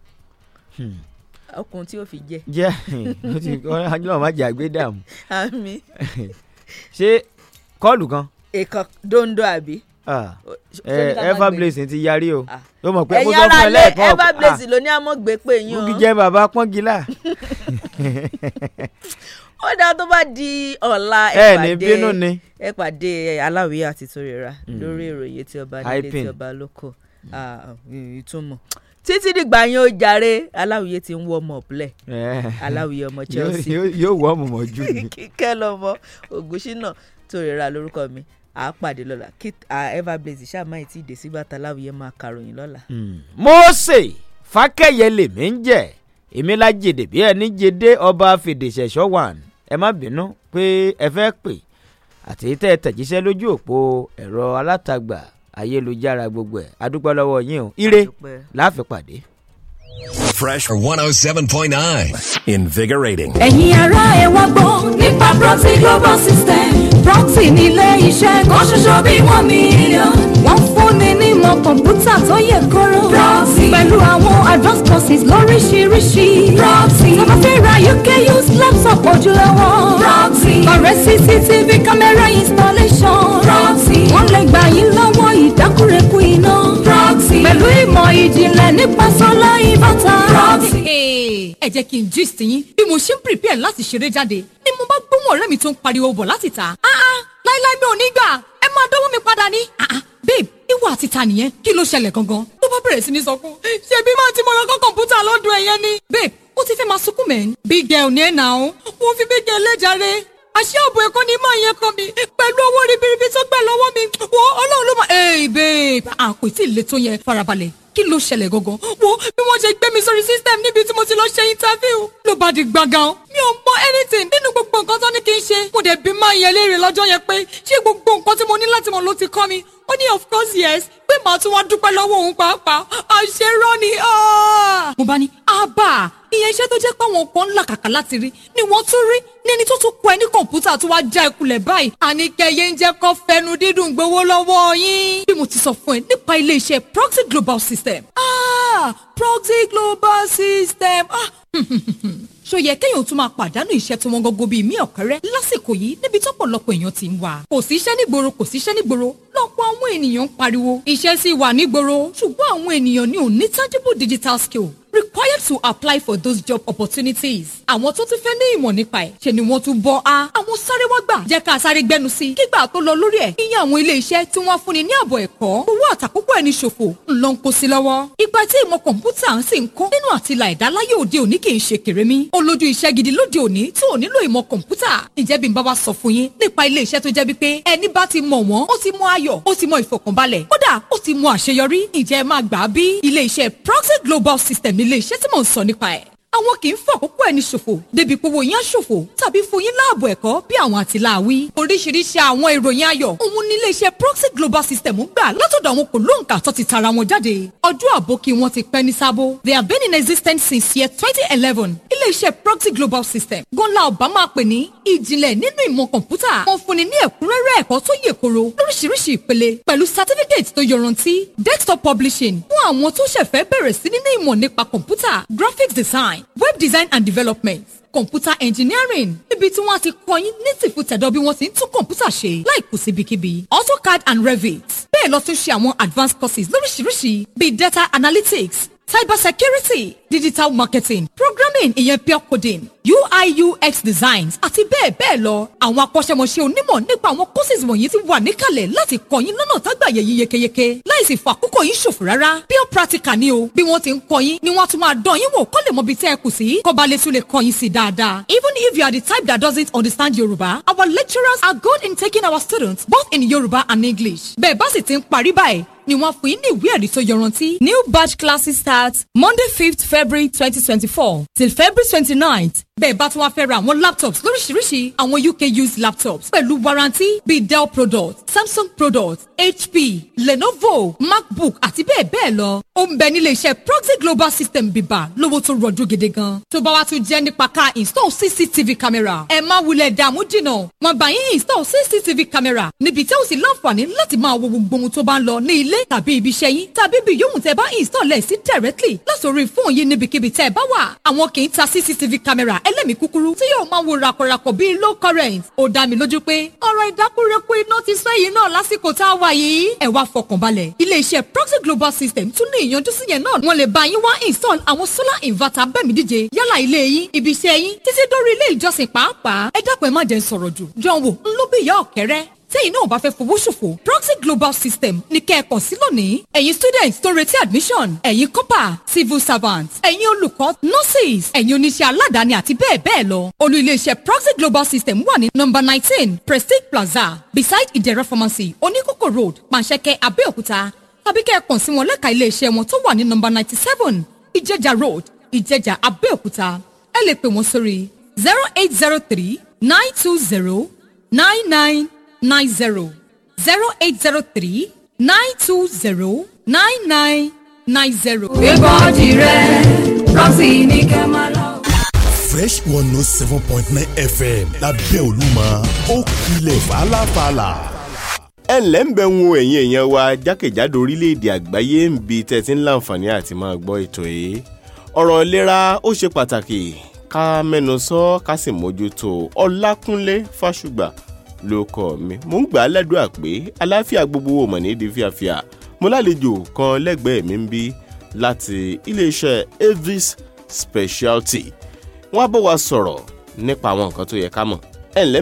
ọkùnrin hmm. tí ó fi jẹ. jẹ ọlọ́run má jẹ àgbé dààmú. ṣé kọ́ọ̀lù kan. èkó dondo àbí. Ah. ever eh, everblaze ti yarí o ah. yóò mọ̀ pé mo sọ fún ẹ lẹ́ẹ̀kan everblaze ah. ló ní amọ̀gbé pé yín o mo kì í jẹ́ bàbá pọ́ngilá. ó dáa tó bá di ọ̀la ẹ pàdé ẹ pàdé aláwí àti torera hmm. lórí ìròyè tí ọba nílé tí ọba lóko ìtumọ̀ títí dìgbà yẹn ó jàre aláwìyé ti ń wọ ọmọ ọ̀pẹ́lẹ̀ eh. aláwìyé ọmọ Chelsea yóò wọ ọmọ mọ́jú ni kíkẹ́ lọ́mọ ògùnṣínà torera lórúkọ mi a pàdé lọ́la kí everblaze ṣàmáyé tí ìdè sígbà taláwìyẹ máa kàròyìn lọ́la. Hmm. Mósè fákẹ́yẹ lèmi ń jẹ́ èmi la jèdè bí ẹni jèdè ọba fèdèsẹ̀sọ one ẹ má bínú pé ẹ fẹ́ pè àti tẹ́ ẹ tẹ̀jíṣẹ́ lójú òpó ẹ̀rọ alátagbà ayélujára gbogbo ẹ̀ adúpẹ́ lọ́wọ́ yín o ire la fi pàdé. fresh 107.9. Invigorating. ẹ̀yin ará gbọ́ nípa proxy global system proxy nílé iṣẹ́ kan ṣoṣo bí wọ́n mílíọ̀nù wọ́n ìmọ̀ kọ̀ǹpútà tó yẹ kóró. Prọ́tì. Pẹ̀lú àwọn advanced courses lóríṣiríṣi. Prọ́tì. Tọ́ba fẹ́ ra UK use laptop ojúlówó. Prọ́tì. Ọ̀rẹ́ CCTV camera installation. Prọ́tì. Wọ́n lè gbà yín lọ́wọ́ ìdákùrẹ́kù iná. Prọ́tì. Pẹ̀lú ìmọ̀ ìjìnlẹ̀ nípa sọ́lá ìbátan. Prọ́tì. Ẹ jẹ́ kí n gist yín bí mo ṣe ń prepare láti ṣeré jáde ni mo bá gbóhùn ọ̀rẹ́ mi tó ń pariwo bọ̀ láti ta. Ah, ah, láíláí mi ò ní gbà ẹ máa dọ́wọ́ mi padà ní babe ìwọ àti ta nìyẹn kí ló ṣẹlẹ̀ gangan ló bá bẹ̀rẹ̀ sí ní sọkún ṣebí máa ti mọ lọ kọ́ lọ́dún ẹ̀yẹn ni. babe ó ti fẹ́ máa sunkún mẹ́rin. big girl ní ẹ̀nà ọ̀hún mo fi big girl lẹ́jàre àṣé ààbò ẹ̀kọ́ ni máa yẹn kan mi pẹ̀lú owó ribiribi tó gbà lọ́wọ́ mi wo ọlọ́run ló máa. ee babe àpò tí ìletò tó yẹn farabalẹ̀ kí ló ṣẹlẹ̀ gangan wo bí wọ́n ṣe gbé mi sórí system níbi tí mo ti lọ ṣe interview ló bá di gbàngàn mi ò mọ anything nínú gbogbo nǹkan tó ní kí n ṣe mo dẹ̀ bí máa yẹn léèrè lọ́jọ́ yẹn pé ṣé gbogbo nǹkan tí mo ní láti mọ̀ ló ti kọ́ mi ó ní of course yes pé màá tún wá dúpẹ́ lọ́wọ́ òun pàápàá àṣerọ́ ni. Ah! mo bá ní àbá ìyẹn iṣẹ́ tó jẹ́ pé àwọn kan ń làkàkà láti rí ni wọ́n tún rí ní ẹni tó tún kọ ẹ ní kọ̀ǹpútà tó wá já ẹkulẹ̀ báyìí àníkẹyẹ ń jẹ́ kó fẹnu dídùn gbowó lọ́wọ́ yín. bí mo ti sọ fún ẹ nípa ilé proxy global system. ah proxy global system. Ah. ṣó yẹ kéèyàn tún máa pàdánù iṣẹ́ tí wọ́n gógó bíi mí ọ̀kẹ́rẹ́ lásìkò yìí níbi tọ́pọ̀lọpọ̀ èèyàn ti ń wà kò síṣẹ́ nígboro kò síṣẹ́ nígboro lọ́pọ̀ àwọn ènìyàn ń pariwo iṣẹ́ sì wà nígboro ṣùgbọ́n àwọn ènìyàn ni ò tangible digital skill required to apply for those job opportunities àwọn tó ti fẹ́ ní ìmọ̀ nípa ẹ̀ ṣe mo sáré wá gbà jẹ́ ká sáré gbẹnu sí kígbà tó lọ lórí ẹ̀ iye àwọn ilé iṣẹ́ tí wọ́n fúnni ní ààbọ̀ ẹ̀kọ́ owó àtàkùkọ̀ ẹni ṣòfò ńlọ ń kó sí lọ́wọ́ ipa tí ìmọ̀ kọ̀ǹpútà ń sì ń kó nínú àti là ẹ̀dá láyé òde òní kì í ṣe kèrémí olójú iṣẹ́ gidi lóde òní tí ò nílò ìmọ̀ kọ̀ǹpútà ǹjẹ́ bí n bá wa sọ fún yín nípa ilé iṣẹ́ tó jẹ́ wípé ẹni bá ti mọ̀ wọ́n ó ti mọ ayọ̀ ó ti mọ ìfọ̀kànbalẹ̀ kódà ó ti mọ àṣeyọrí ǹjẹ́ ẹ máa gbà á bí ilé iṣẹ́ proxy global system ilé iṣẹ́ tí mò ń sọ nípa ẹ̀ àwọn kì í fàkókò ẹni ṣòfò débi pòwò yẹn ṣòfò tàbí fún yín láàbò ẹ̀kọ́ bí àwọn àtìláàwí. oríṣiríṣi àwọn ìròyìn ayọ̀ òun ní iléeṣẹ́ proxy global system ń gbà látọ̀dọ̀ àwọn kòlóǹkà tó ti tara wọn jáde. ọjọ́ àbò kí wọ́n ti pẹ́ ní sábó. they have been in existence since year twenty eleven. iléeṣẹ́ proxy global system gọ́nlá ọba máa pè ní ìjìnlẹ̀ nínú ìmọ̀ kọ̀ǹpútà. wọ́n fúnni ní ẹ̀kúnrẹ́rẹ́ ẹ̀kọ́ tó yè koro lóríṣiríṣi ìpele pẹ̀lú certificate tó desktop publishing fún àwọn tó ṣẹ̀fẹ́ bẹ̀rẹ̀ sí nínú ìmọ̀ nípa kọ̀ǹpútà design web design and development computer engineering níbi tí wọ́n ti kọ́ yín ní tìfutẹ̀dọ̀ bí wọ́n ti ń tún kọ̀ǹpútà ṣe láìkù síbikíbi autocad and revit bẹ́ẹ̀ lọ tún ṣe àwọn advanced courses lóríṣiríṣi bíi data analytics cyber security digital marketing programming ìyẹn pure coding UIUX designs àti bẹ́ẹ̀ bẹ́ẹ̀ lọ. Àwọn akọ́ṣẹ́mọṣẹ́ onímọ̀ nípa àwọn courses wọ̀nyí ti wà níkàlẹ̀ láti kọ́ yín lọ́nà tágbàyè yín yékéyéké láìsí fàkókò yín ṣòfò rárá. Pure practical ni o. Bí wọ́n ti ń kọ́ yín ni wọ́n tún máa dán yín wò kó lè mọ ibi tẹ́ ẹ kù sí. Kọ́ba tún lè kọ́ yín sí dáadáa. Even if you are the type that doesn't understand Yoruba, our lecturers are good in taking our students both in Yoruba and English. Bẹ́ẹ̀ bá sì ti ń parí báyìí ni wọ́n fún yín ní ìwé ẹ̀rí tó yọrantí. New batch classes start Monday 5th February 2024 till February 29th bẹ́ẹ̀ bá tún wá fẹ́ ra àwọn laptops lóríṣiríṣi àwọn UK used laptops pẹ̀lú warranty bíi Dell product Samsung product HP Lenovo MacBook àti bẹ́ẹ̀ bẹ́ẹ̀ lọ. ó ń bẹ nílé iṣẹ́ Proxy Global System bíbà lówó tó rọjú gidi gan. tó bá wá tún jẹ́ nípa ká install CCTV camera ẹ má wulẹ̀ dààmú jìnnà wọ́n bá yín install CCTV camera níbi tí ó sì láǹfààní láti máa wo gbogbo ohun tó bá ń lọ ní ilé tàbí ibi iṣẹ́ yín tàbí bí yóò tẹ́ bá install ẹ̀ sí directly látòrí fóònù yín níbikíbi tẹ́ ẹ bá wà CCTV camera ẹlẹ́mìí kúkúrú tí yóò máa wo ràkọ̀ràkọ̀ bíi low current ó dá mi lójú pé ọ̀rọ̀ ìdákúrekú iná ti sọ èyí náà lásìkò tá a wà yìí ẹ wá fọkànbalẹ̀ iléeṣẹ́ proxy global system tún ní ìyanjú sí yẹn náà wọ́n lè bá yín wá install àwọn solar inverter bẹ́ẹ̀ mi díje yálà ilé yín ibi iṣẹ́ yín títí dórí ilé ìjọsìn pàápàá ẹ dákun ẹ má jẹ́ sọ̀rọ̀ jù jọ̀wọ́ ńlọ́bí ìyá tẹ́yìn náà bá fẹ́ fowó ṣòfò proxy global system ní kẹ́ẹ̀kan sí lónìí ẹ̀yin students tó retí admission ẹ̀yin copa civil servants ẹ̀yin olùkọ́ nurses ẹ̀yin oníṣẹ́ aládàáni àti bẹ́ẹ̀ bẹ́ẹ̀ lọ olú iléeṣẹ́ proxy global system wà ní nọ́mbà nineteen prestige plaza beside ìdẹ̀ra pharmacy oníkókó road panṣẹ́kẹ́ abẹ́òkúta tàbí kẹ́ẹ̀kan sí wọn lẹ́ka iléeṣẹ́ wọn tó wà ní nọ́mbà ninety seven ìjẹjà road ìjẹjà abẹ́òkúta ẹ lè pè wọ́n sórí zero eight zero three nine two zero nine nine nine zero zero eight zero three nine two zero nine nine nine zero. fresh one note oh seven point nine fm lábẹ́ olúmọ ó kilẹ̀ fàlàfàlà ẹ ǹlẹ́ ń bẹ̀ wọ ẹ̀yin èèyàn wa jákèjádò orílẹ̀-èdè àgbáyé ń bi tẹ̀sí ńláǹfààní àti máa gbọ́ ètò yìí ọ̀rọ̀ ìlera ó ṣe pàtàkì ká mẹ́nu sọ ká sì mójútó Ọlákúnlé Fásùgbà lórúkọ mi mo ń gbà á ládùúrà pé aláfíà gbogbo ọmọ ní di fíafíà mo lálejò kan lẹ́gbẹ̀ẹ́ mi ń bí láti iléeṣẹ́ avis speciality wọ́n á bọ̀ wá sọ̀rọ̀ nípa àwọn nǹkan tó yẹ ká mọ̀